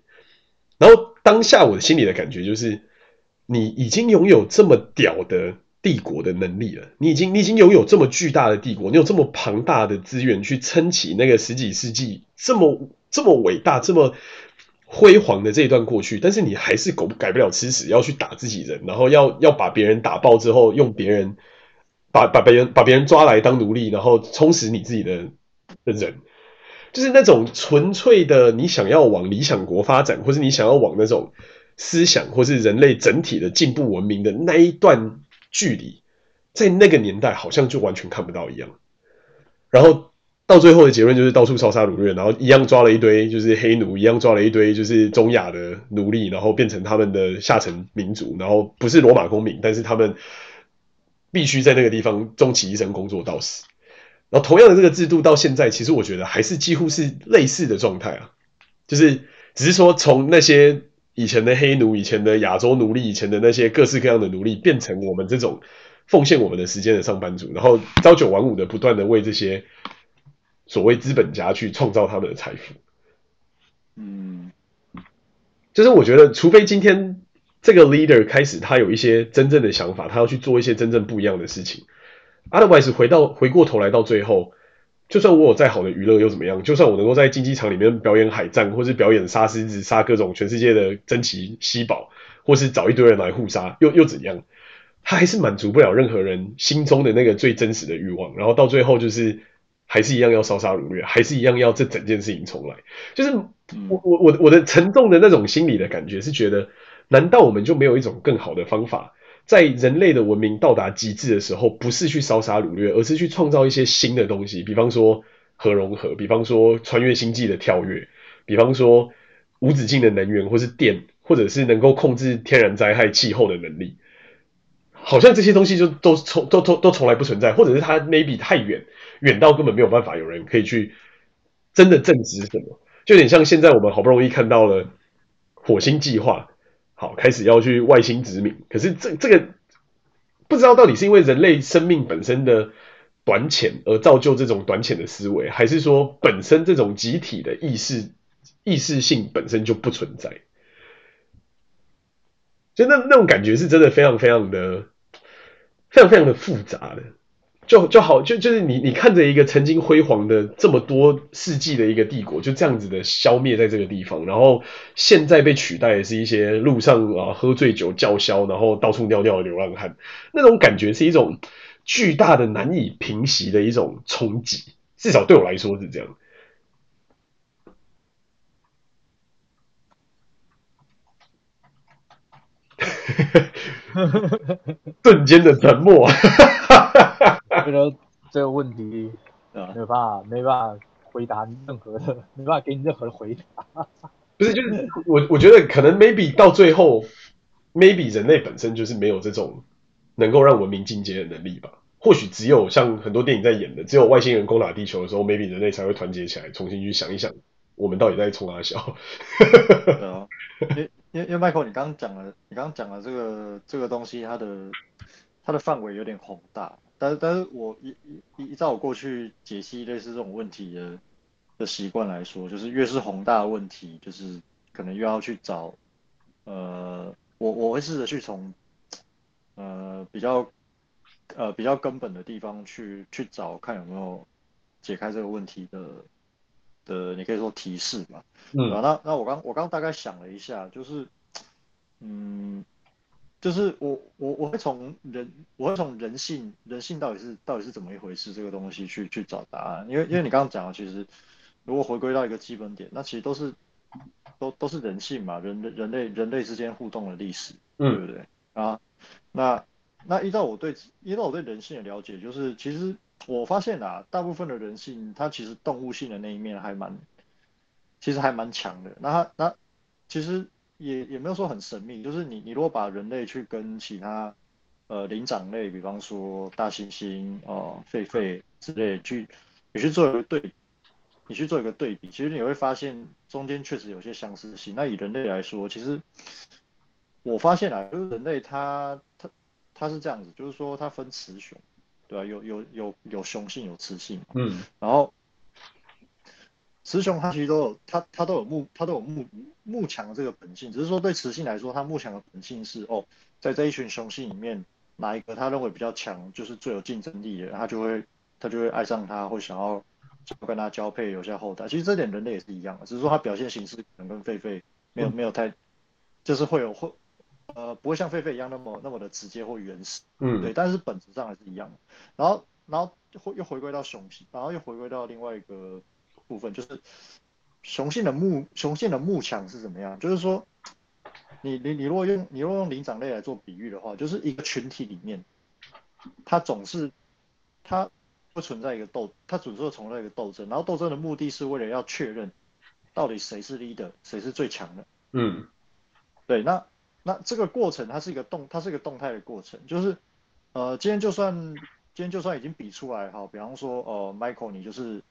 然後。當下我的心裡的感覺就是，你已經擁有這麼屌的帝國的能力了，你已經你已經擁有這麼巨大的帝國，你有這麼龐大的資源去撐起那個十幾世紀這麼這麼偉大、這麼輝煌的這一段過去，但是你還是狗改不了吃屎，要去打自己人，然後要要把別人打爆之後，用別人把把別人把別人抓來當奴隸，然後充實你自己的的人。就是那種純粹的，你想要往理想國發展，或是你想要往那種思想，或是人類整體的進步文明的那一段距離，在那個年代好像就完全看不到一樣。然後到最後的結論就是到處燒殺擄掠，然後一樣抓了一堆就是黑奴，一樣抓了一堆就是中亞的奴隸，然後變成他們的下層民族，然後不是羅馬公民，但是他們必須在那個地方終其一生工作到死。然後，同樣的這個制度到現在，其實我覺得還是幾乎是類似的狀態啊，就是只是說從那些以前的黑奴、以前的亞洲奴隸、以前的那些各式各樣的奴隸，變成我們這種奉獻我們的時間的上班族，然後朝九晚五的不斷的為這些所謂資本家去創造他們的財富。嗯，就是我覺得，除非今天這個 leader 開始他有一些真正的想法，他要去做一些真正不一樣的事情。Otherwise，回到回過頭來到最後，就算我有再好的娛樂又怎麼樣？就算我能夠在競技場裡面表演海戰，或是表演殺獅子、殺各種全世界的珍奇稀寶，或是找一堆人來互殺，又又怎樣？他還是滿足不了任何人心中的那個最真實的欲望。然後到最後，就是還是一樣要燒殺擄掠，還是一樣要這整件事情重來。就是我我我我的沉重的那種心理的感覺是覺得，難道我們就沒有一種更好的方法？在人類的文明到達極致的時候，不是去燒殺擄掠，而是去創造一些新的東西，比方說核融合，比方說穿越星際的跳躍，比方說無止境的能源，或是電，或者是能夠控制天然災害、氣候的能力。好像這些東西就都從都都都從來不存在，或者是它 maybe 太遠，遠到根本沒有辦法有人可以去真的證實什麼，就有點像現在我們好不容易看到了火星計劃。好，開始要去外星殖民，可是這這個不知道到底是因為人類生命本身的短淺而造就這種短淺的思維，還是說本身這種集體的意識意識性本身就不存在？就那那種感覺是真的非常非常的非常非常的複雜的。就就好，就就是你你看着一個曾經輝煌的這麼多世紀的一個帝國，就這樣子的消滅在這個地方，然後現在被取代的是一些路上啊喝醉酒叫囂，然後到處尿尿的流浪漢，那種感覺是一種巨大的難以平息的一種衝擊，至少對我來說是這樣。 [laughs] [laughs] 瞬間的沉默。這個這個問題沒有辦法，沒辦法回答任何的，沒辦法給你任何的回答 [laughs] 不是，就是我我覺得可能 maybe 到最後 maybe 人類本身就是沒有這種能夠讓文明進階的能力吧。或許只有像很多電影在演的，只有外星人攻打地球的時候，maybe 人類才會團結起來重新去想一想，我們到底在衝三小。， [laughs] 因為因為 Michael，你剛剛講了，你剛講了這個這個東西它，它的它的範圍有點宏大，但是但是我依依依照我過去解析類似這種問題的的習慣來說，就是越是宏大的問題，就是可能越要去找，呃，我我會試着去從呃比較呃比較根本的地方去去找看有沒有解開這個問題的。呃，你可以說提示嘛？嗯，啊、那那我剛我剛大概想了一下，就是，嗯，就是我我我會從人我會從人性，人性到底是到底是怎麼一回事這個東西去去找答案，因為因為你剛剛講的其實如果回歸到一個基本點，那其實都是都都是人性嘛，人人類人類之間互動的歷史，嗯、對不對？啊，那那依照我對依照我對人性的了解，就是其實。我發現啊，大部分的人性，他其實動物性的那一面還蠻，其實還蠻強的。那他那其實也也沒有說很神秘，就是你你如果把人類去跟其他呃靈長類，比方說大猩猩哦、狒狒之類去，你去做一個對比，你去做一個對比，其實你會發現中間確實有些相似性。那以人類來說，其實我發現啊，就是人類它它它是這樣子，就是說它分雌雄。對啊，有有有有雄性有雌性，嗯，然後雌雄它其實都有，它它都有慕它都有慕慕強的這個本性，只是說對雌性來說，它慕強的本性是哦，在這一群雄性裡面，哪一個它認為比較強，就是最有競爭力的，它就會它就會愛上它，會想要，想要跟它交配，留下後代。其實這點人類也是一樣的，只是說它表現形式可能跟狒狒沒有、嗯、沒有太，就是會有會。呃，不會像狒狒一樣那麼那麼的直接或原始，嗯，對，但是本質上還是一樣的。然後，然後又回歸到雄性，然後又回歸到另外一個部分，就是雄性的木雄性的木強是怎麼樣？就是說，你你你如果用你如果用靈長類來做比喻的話，就是一個群體裡面，它總是它不存在一個鬥，它只是存在一個鬥爭，然後鬥爭的目的是為了要確認到底誰是 leader，誰是最強的。嗯，對，那。那這個過程它是一個動，它是一個動態的過程，就是，呃，今天就算今天就算已經比出來哈，比方說，呃，Michael，你就是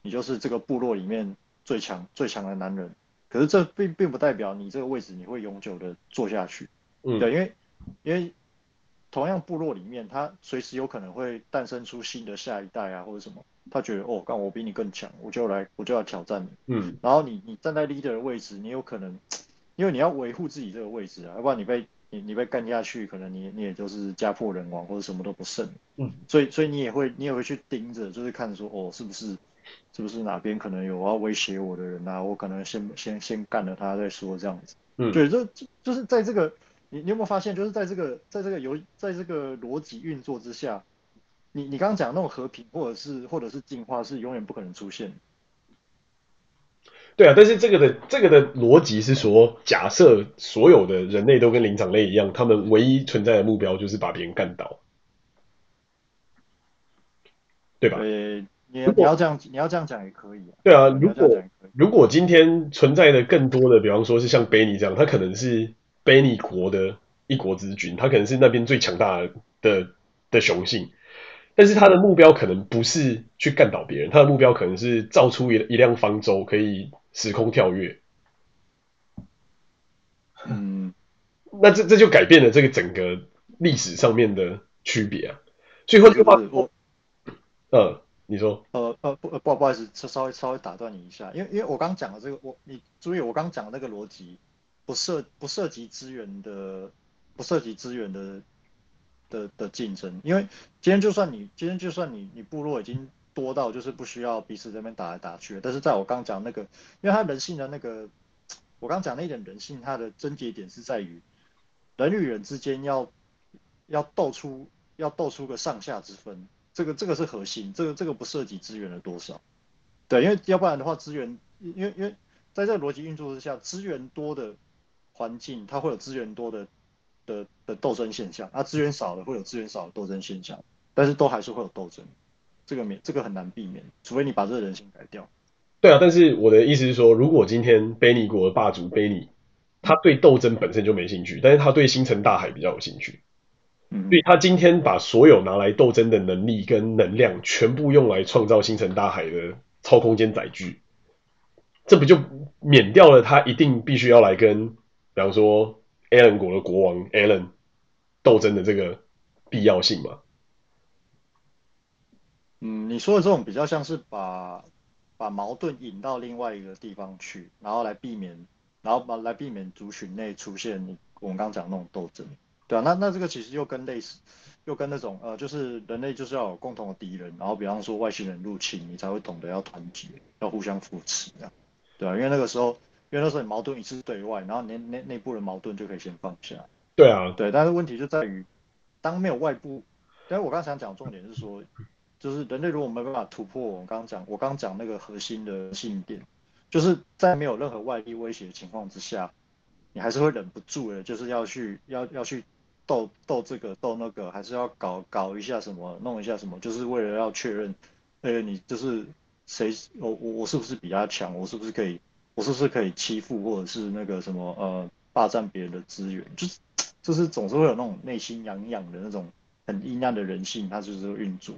你就是這個部落裡面最強最強的男人，可是這並並不代表你這個位置你會永久的坐下去，嗯，對，因為因為同樣部落裡面，他隨時有可能會誕生出新的下一代啊，或者什麼，他覺得哦，那我比你更強，我就來我就要挑戰你，嗯，然後你你站在 leader 的位置，你有可能。因為你要維護自己這個位置啊，要不然你被你你被幹下去，可能你你也就是家破人亡或者什麼都不剩。嗯，所以所以你也會你也會去盯着就是看說，哦是不是是不是哪邊可能有要威脅我的人啊，我可能先先先幹了他再說這樣子。嗯，對，這就，就是在這個你你有沒有發現，就是在這個在這個在這個邏輯運作之下，你你剛剛講的那種和平或者是或者是進化是永遠不可能出現的。對啊，但是這個的這個的邏輯是說，假設所有的人類都跟靈長類一樣，他們唯一存在的目標就是把別人幹倒，對吧？對你要如果你要這樣，啊啊，你要這樣講也可以。對啊，如果如果今天存在的更多的，比方說是像貝尼這樣，他可能是貝尼國的一國之君，他可能是那邊最強大的的雄性，但是他的目標可能不是去幹倒別人，他的目標可能是造出一一輛方舟，可以。時空跳躍， [laughs] 嗯，那這這就改變了這個整個歷史上面的區別啊。最後這個話，就是、我，嗯，你說，呃呃不呃不不好意思，稍稍微稍微打斷你一下，因為因為我剛講的這個，我你注意我剛講的那個邏輯，不涉不涉及資源的不涉及資源的的的競爭，因為今天就算你今天就算你你部落已經，多到就是不需要彼此這邊打來打去，但是在我剛講那個，因為他人性的那個，我剛講那一點人性，他的症結點是在於人與人之間要要鬥出要鬥出個上下之分，這個這個是核心，這個這個不涉及資源的多少，對，因為要不然的話資源，因為因為在這個邏輯運作之下，資源多的環境它會有資源多的的的鬥爭現象，啊，資源少了會有資源少的鬥爭現象，但是都還是會有鬥爭。這個免，這個很難避免，除非你把這個人性改掉。對啊，但是我的意思是說，如果今天貝尼國的霸主貝尼，他對鬥爭本身就沒興趣，但是他對星辰大海比較有興趣，所以他今天把所有拿來鬥爭的能力跟能量，全部用來創造星辰大海的超空間載具，這不就免掉了他一定必須要來跟，比方說 Alan 國的國王 Alan 鬥爭的這個必要性嗎？嗯，你說的這種比較像是把把矛盾引到另外一個地方去，然後來避免，然後把來避免族群內出現你我們剛剛講的那種鬥爭，對啊，那那這個其實又跟類似，又跟那種呃，就是人類就是要有共同的敵人，然後比方說外星人入侵，你才會懂得要團結，要互相扶持，這樣，對啊，因為那個時候，因為那時候你矛盾一致對外，然後你內內內部的矛盾就可以先放下。對啊，對，但是問題就在於，當沒有外部，因為我剛才想講的重點是說。就是人類如果沒辦法突破我剛剛講，我剛剛講那個核心的信念，就是在沒有任何外力威脅的情況之下，你還是會忍不住的，就是要去要要去鬥鬥這個鬥那個，還是要搞搞一下什麼弄一下什麼，就是為了要確認，哎、欸，你就是誰？我我我是不是比他強？我是不是可以我是不是可以欺負或者是那個什麼呃霸占別人的資源？就是就是總是會有那種內心癢癢的那種很陰暗的人性，它就是運作。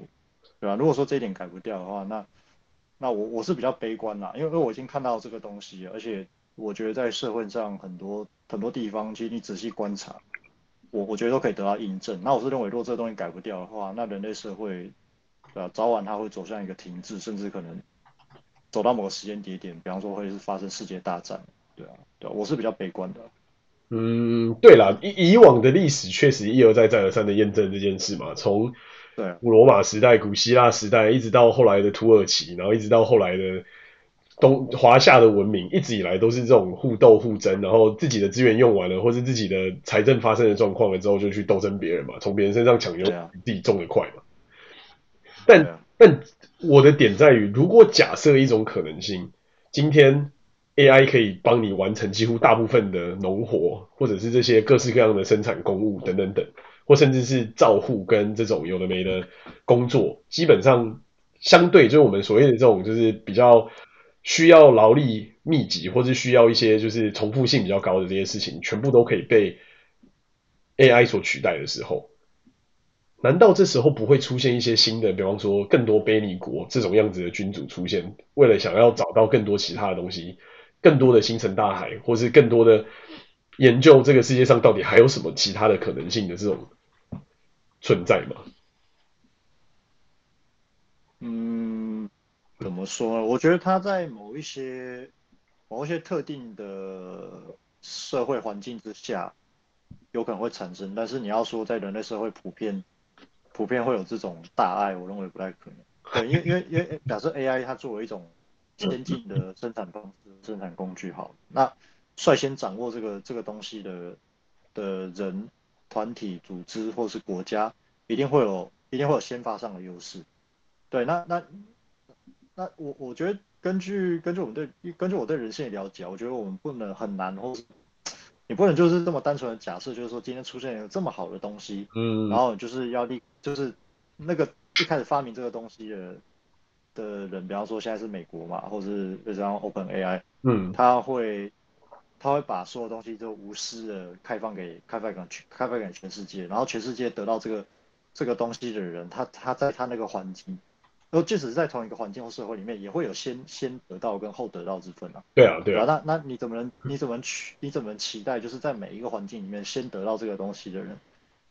對吧、啊？如果說這一點改不掉的話，那那我我是比較悲觀啦，因為因為我已經看到這個東西，而且我覺得在社會上很多很多地方，其實你仔細觀察，我我覺得都可以得到印證。那我是認為，如果這個東西改不掉的話，那人類社會，對吧、啊？早晚它會走向一個停滯，甚至可能走到某個時間節點點，比方說會是發生世界大戰，對啊，對啊，我是比較悲觀的。嗯，對啦，以以往的歷史確實一而再、再而三的驗證這件事嘛，從。對、啊，古羅馬時代、古希臘時代，一直到後來的土耳其，然後一直到後來的東華夏的文明，一直以來都是這種互鬥互爭，然後自己的資源用完了，或是自己的財政發生的狀況了之後，就去鬥爭別人嘛，從別人身上搶油，自己種的快嘛。啊、但但我的點在於，如果假設一種可能性，今天 AI 可以幫你完成幾乎大部分的農活，或者是這些各式各樣的生產公務等等等。或甚至是照護跟這種有的沒的工作，基本上相對就是我們所謂的這種，就是比較需要勞力密集，或是需要一些就是重複性比較高的這些事情，全部都可以被 AI 所取代的時候，難道這時候不會出現一些新的？比方說，更多卑尼國這種樣子的君主出現，為了想要找到更多其他的東西，更多的星辰大海，或是更多的。研究這個世界上到底還有什麼其他的可能性的這種存在嗎？嗯，怎麼說呢、啊？我覺得它在某一些某一些特定的社會環境之下有可能會產生，但是你要說在人類社會普遍普遍會有這種大愛，我認為不太可能。 [laughs] 對，因為因為因為假設 AI 它作為一種先進的生產方式、 [laughs] 生產工具好，那。率先掌握這個這個東西的的人、團體、組織或者是國家，一定會有一定會有先發上的優勢。對，那那那我我覺得根據根據我們對根據我對人性的了解，我覺得我們不能很難，或是你不能就是這麼單純的假設，就是說今天出現一個這麼好的東西，嗯，然後就是要立就是那個最開始發明這個東西的的人，比方說現在是美國嘛，或是就是像 Open AI，嗯，他會。他會把所有東西都無私的開放給開發給開發給全世界。然後全世界得到這個這個東西的人，他他在他那個環境，然後即使在同一個環境或社會裡面，也會有先先得到跟後得到之分啊。對啊，對啊。那那你怎麼能你怎麼期你怎麼期待，就是在每一個環境裡面先得到這個東西的人，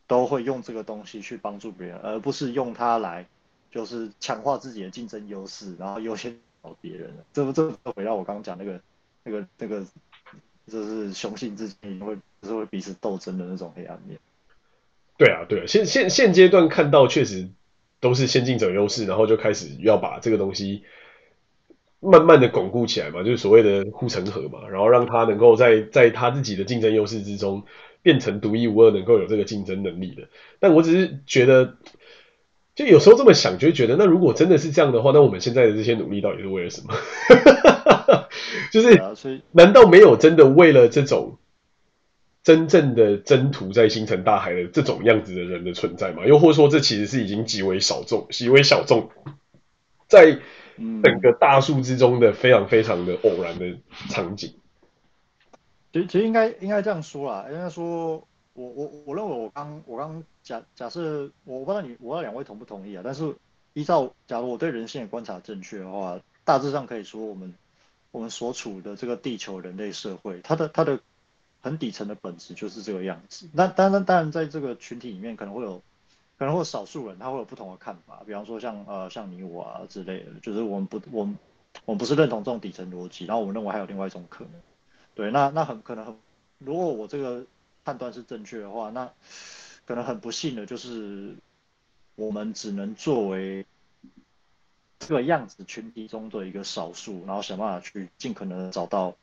都會用這個東西去幫助別人，而不是用它來就是強化自己的競爭優勢，然後優先搞別人。這不這不回到我剛剛講那個那個那個。那個那個就是雄性之間會就是會彼此鬥爭的那種黑暗面，對啊，對啊，現現現階段看到確實都是先進者優勢，然後就開始要把這個東西慢慢的鞏固起來嘛，就是所謂的護城河嘛，然後讓他能夠在在他自己的競爭優勢之中變成獨一無二，能夠有這個競爭能力的。但我只是覺得。就有時候這麼想，就覺得，那如果真的是這樣的話，那我們現在的這些努力到底是為了什麼？ [laughs] 就是，難道沒有真的為了這種真正的征途在星辰大海的這種樣子的人的存在嗎？又或者說，這其實是已經極為少眾，極為小眾，在整個大樹之中的非常非常的偶然的場景。嗯、其實，其實應該應該這樣說啦，應該說。我我我認為我剛我剛假假設，我不知道你，我不知道兩位同不同意啊？但是依照假如我對人性的觀察正確的話，大致上可以說我們我們所處的這個地球人類社會，它的它的很底層的本質就是這個樣子。那當然當然在這個群體裡面可能會有可能會有少數人，他會有不同的看法，比方說像呃像你我啊之類的，就是我們不我我們我不是認同這種底層邏輯，然後我們認為還有另外一種可能。對，那那很可能很如果我這個。判斷是正確的話，那可能很不幸的就是，我們只能作為這個樣子群體中的一個少數，然後想辦法去盡可能找到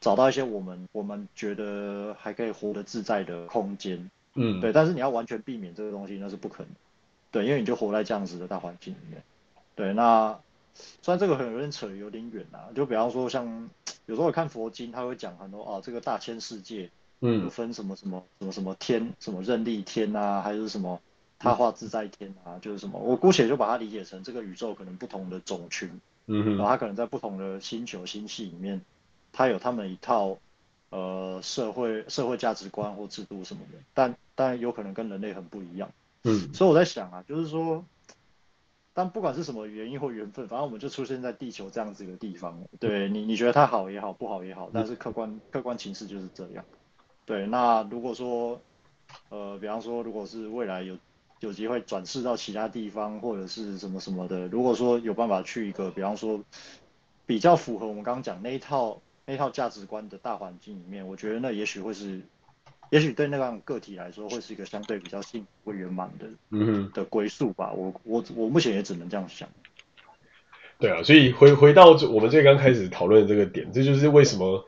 找到一些我們我們覺得還可以活得自在的空間。嗯，對。但是你要完全避免這個東西，那是不可能。對，因為你就活在這樣子的大環境裡面。對，那雖然這個很有點扯，有點遠啊。就比方說，像有時候我看佛經，他會講很多啊，這個大千世界。嗯，分什麼什麼什麼什麼天，什麼忉利天啊，還是什麼他化自在天啊，就是什麼，我姑且就把它理解成這個宇宙可能不同的種群，嗯哼，然後它可能在不同的星球星系裡面，它有他們一套呃社會社會價值觀或制度什麼的，但但有可能跟人類很不一樣，嗯，所以我在想啊，就是說，但不管是什麼原因或緣分，反正我們就出現在地球這樣子一個地方，對你你覺得它好也好，不好也好，但是客觀、嗯、客觀情勢就是這樣。對，那如果說，呃，比方說，如果是未來有有機會轉世到其他地方，或者是什麼什麼的，如果說有辦法去一個，比方說，比較符合我們剛剛講那一套那一套價值觀的大環境裡面，我覺得那也許會是，也許對那個個體來說會是一個相對比較幸福圓滿的，嗯哼，的歸宿吧。我我我目前也只能這樣想。對啊，所以回回到我們最剛剛開始討論的這個點，這就是為什麼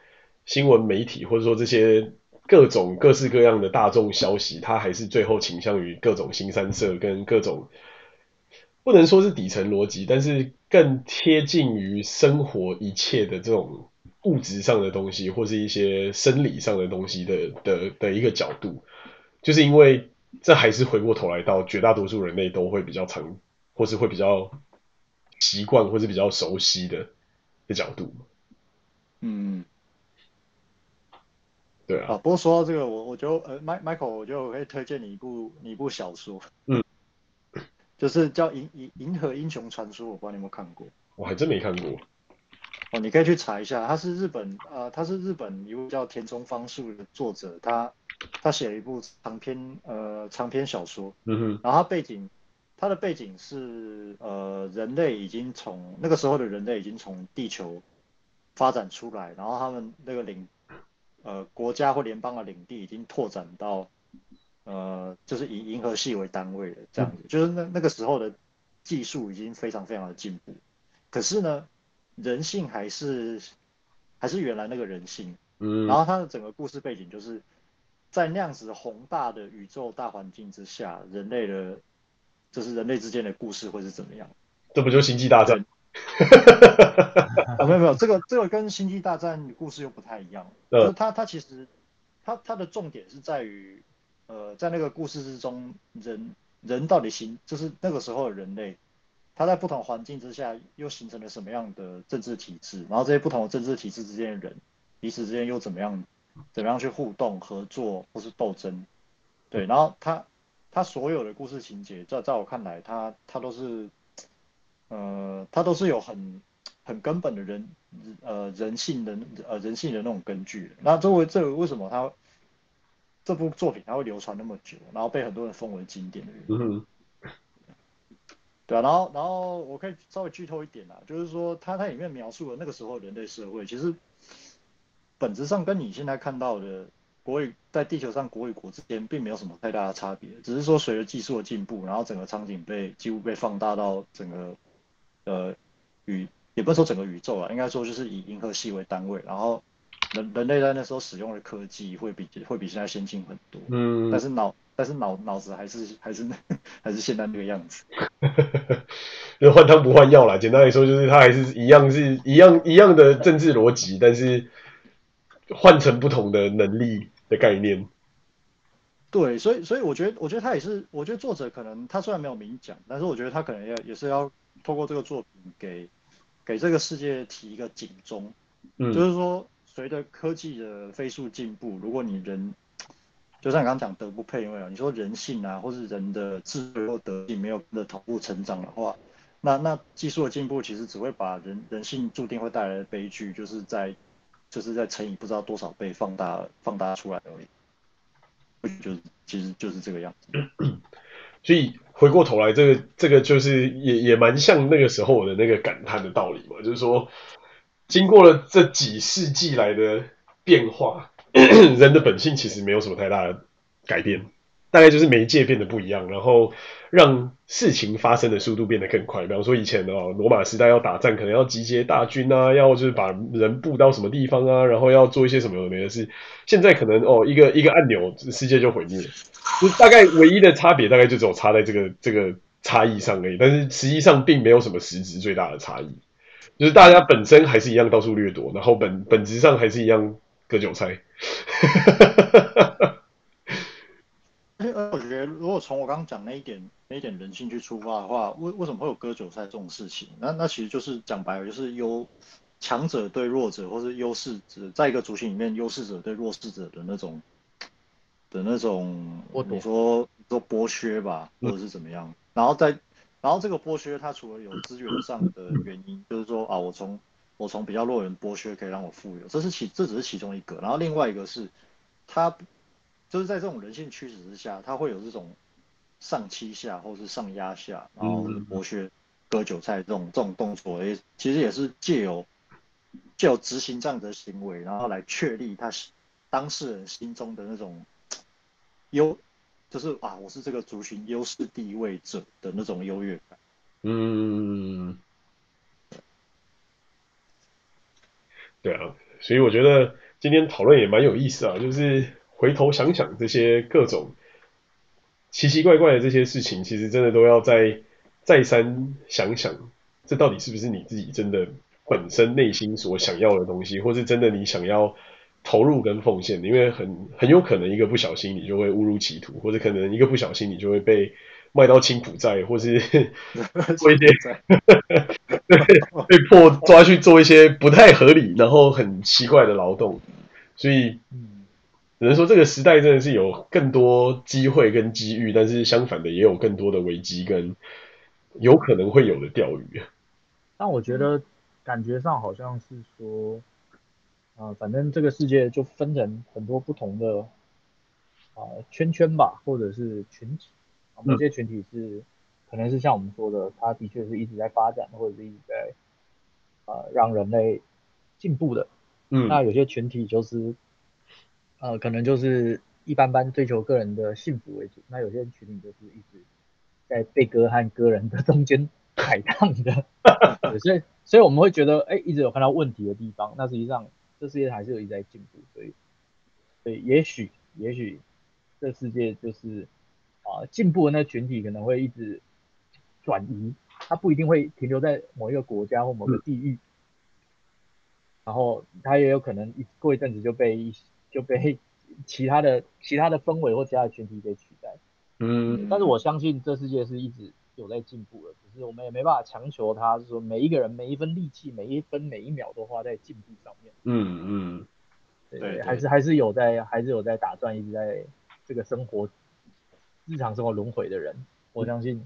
新聞媒體或者說這些。各種各式各樣的大眾消息，它還是最後傾向於各種腥羶色跟各種不能說是底層邏輯，但是更貼近於生活一切的這種物質上的東西，或是一些生理上的東西的的的一個角度。就是因為這還是回過頭來到絕大多數人類都會比較常，或是會比較習慣，或是比較熟悉的的角度。嗯。對啊，啊，不過說到這個，我我就呃，麥麥可我就得我會推薦你一部你一部小說，嗯，就是叫《銀銀銀河英雄傳說》，我不知道你有沒有看過？我還真沒看過。哦，你可以去查一下，他是日本呃他是日本一部叫田中芳樹的作者，他他寫了一部長篇呃長篇小說，嗯哼，然後它背景，他的背景是呃人類已經從那個時候的人類已經從地球發展出來，然後他們那個領。呃，國家或聯邦的領地已經拓展到，呃，就是以銀河系為單位的，這樣子，嗯、就是那那個時候的技術已經非常非常的進步，可是呢，人性還是還是原來那個人性。嗯。然後它的整個故事背景就是在那樣子宏大的宇宙大環境之下，人類的，就是人類之間的故事會是怎麼樣？這不就星際大戰嗎？哈哈哈哈哈，沒有沒有，這個這個跟星際大戰故事又不太一樣。呃，他他其實他他的重點是在於，呃，在那個故事之中，人人到底形，就是那個時候的人類，他在不同環境之下又形成了什麼樣的政治體制，然後這些不同的政治體制之間的人彼此之間又怎麼樣怎麼樣去互動合作或是鬥爭，對，然後他他所有的故事情節，在在我看來，他他都是。呃，它都是有很很根本的人，呃，人性的，呃，人性的那種根據。那作為這個為什麼它這部作品它會流傳那麼久，然後被很多人奉為經典的原因。嗯哼。對啊，然後然後我可以稍微劇透一點啊，就是說它它裡面描述了那個時候的人類社會其實本質上跟你現在看到的國與在地球上國與國之間並沒有什麼太大的差別，只是說隨着技術的進步，然後整個場景被幾乎被放大到整個。呃，宇也不是說整個宇宙啊，應該說就是以銀河系為單位，然後人人類在那時候使用的科技會比會比現在先進很多，嗯，但是腦但是腦腦子還是還是還是現在那個樣子， [laughs] 就換湯不換藥了，簡單來說就是它還是一樣是一樣一樣的政治邏輯，但是換成不同的能力的概念，對，所以所以我覺得我覺得他也是，我覺得作者可能他雖然沒有明講，但是我覺得他可能要也是要。透過這個作品給給這個世界提一個警鐘，嗯，就是說，隨着科技的飛速進步，如果你人就像剛剛講德不配位啊，因為你說人性啊，或是人的智慧或德性沒有的同步成長的話，那那技術的進步其實只會把人人性注定會帶來的悲劇，就是在就是在乘以不知道多少倍放大放大出來而已，就是其實就是這個樣子， [coughs] 所以。回過頭來，這個這個就是也也蠻像那個時候我的那個感嘆的道理嘛，就是說，經過了這幾世紀來的變化，咳咳人的本性其實沒有什麼太大的改變。大概就是媒介變得不一樣，然後讓事情發生的速度變得更快。比方說以前哦，羅馬時代要打仗，可能要集結大軍啊，要就是把人布到什麼地方啊，然後要做一些什麼有的沒的事。現在可能哦，一個一個按鈕，世界就毀滅。就是，大概唯一的差別，大概就只有差在這個這個差異上而已。但是實際上並沒有什麼實質最大的差異，就是大家本身還是一樣到處掠奪，然後本本質上還是一樣割韭菜。 [laughs] 我覺得，如果從我剛剛講那一點那一點人性去出發的話，為為什麼會有割韭菜這種事情？那那其實就是講白了，就是優強者對弱者，或是優勢者在一個族群裡面，優勢者對弱勢者的那種的那種，你說你說剝削吧，或者是怎麼樣？然後在，然後這個剝削，它除了有資源上的原因，就是說啊，我從我從比較弱的人剝削可以讓我富有，這是其這只是其中一個。然後另外一個是他。它就是在這種人性驅使之下，他會有這種上欺下，或是上壓下，然後剝削、割韭菜這種這種動作。誒，其實也是借由借由執行這樣的行為，然後來確立他當事人心中的那種優，就是啊，我是這個族群優勢地位者的那種優越感。嗯，對啊，所以我覺得今天討論也蠻有意思啊，就是。回頭想想這些各種奇奇怪怪的這些事情，其實真的都要再再三想想，這到底是不是你自己真的本身內心所想要的東西，或是真的你想要投入跟奉獻？因為很很有可能一個不小心，你就會誤入歧途，或者可能一個不小心，你就會被賣到柬埔寨，或是做一些被被迫抓去做一些不太合理，然後很奇怪的勞動，所以。只能說這個時代真的是有更多機會跟機遇，但是相反的也有更多的危機跟有可能會有的釣魚。但我覺得感覺上好像是說，啊、呃，反正這個世界就分成很多不同的啊、呃、圈圈吧，或者是群體。嗯。有些群體是可能是像我們說的，它的確是一直在發展，或者是一直在啊、呃、讓人類進步的。嗯。那有些群體就是。呃，可能就是一般般，追求個人的幸福為主。那有些群體就是一直在被割和割人的中間擺盪的， [laughs] 所以所以我們會覺得，哎、欸，一直有看到問題的地方。那實際上這世界還是有一直在進步，所以所以也許也許這世界就是啊、呃，進步的那群體可能會一直轉移，它不一定會停留在某一個國家或某個地域，然後它也有可能一過一陣子就被就被其他的、其他的氛圍或其他的群體給取代。嗯，但是我相信這世界是一直有在進步的，只是我們也沒辦法強求他說每一個人、每一分力氣、每一分每一秒都花在進步上面。嗯嗯，對，對，對，對，對，對，還是還是有在還是有在打轉，一直在這個生活日常生活輪迴的人，我相信、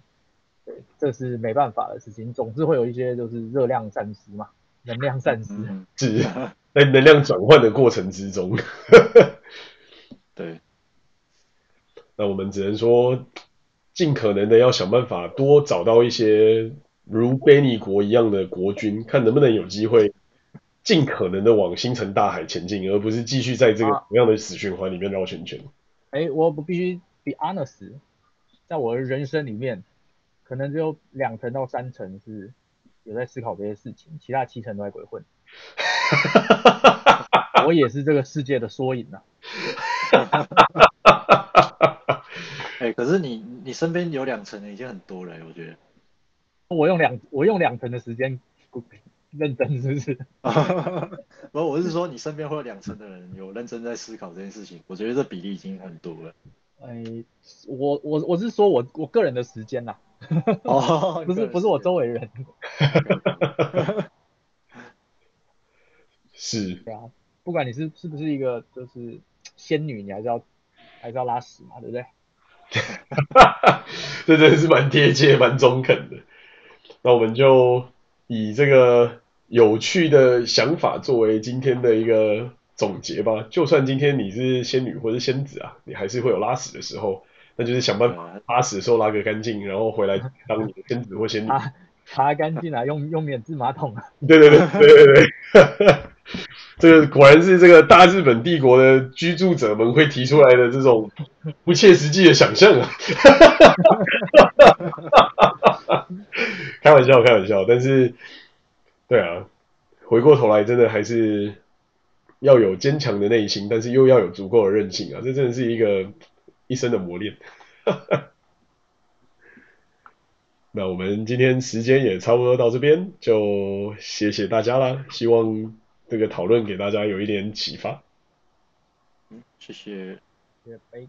嗯，對，這是沒辦法的事情。總之會有一些就是熱量散失嘛，能量散失，值、嗯。 [laughs] 在能量轉換的過程之中， [laughs] 對，那我們只能說，盡可能的要想辦法多找到一些如貝尼國一樣的國君，看能不能有機會，盡可能的往星辰大海前進，而不是繼續在這個同樣的死循環裡面繞圈圈。哎、啊欸，我不必須 be honest，在我的人生裡面，可能只有兩成到三成是有在思考這些事情，其他七成都在鬼混。 [laughs] 我也是這個世界的縮影哎、啊 [laughs] [laughs] 欸，可是你你身邊有兩成已經很多了，我覺得。我用兩我用兩成的時間認真，是不是？ [laughs] 不是，我是說你身邊會有兩成的人有認真在思考這件事情，我覺得這比例已經很多了。哎、欸，我我我是說我我個人的時間吶、啊。 [laughs] 哦，不是不是我周圍人。 [laughs] 是、對啊、不管你是是不是一個就是仙女，你還是要還是要拉屎嘛，對不對？ [laughs] 這真的是蠻貼切、蠻中肯的。那我們就以這個有趣的想法作為今天的一個總結吧。就算今天你是仙女或者仙子啊，你還是會有拉屎的時候，那就是想辦法拉屎的時候拉個乾淨，然後回來當你的仙子或仙女。 [laughs] 擦乾淨啊！用用免治馬桶啊！對對對對對對，這個果然是這個大日本帝國的居住者們會提出來的這種不切實際的想象啊！ [laughs] 開玩笑開玩笑，但是，對啊，回過頭來真的還是要有堅強的內心，但是又要有足夠的韌性啊！這真的是一個一生的磨練。 [laughs] 那我們今天時間也差不多到這邊，就謝謝大家啦。希望這個討論給大家有一點啟發。嗯，謝謝。拜拜。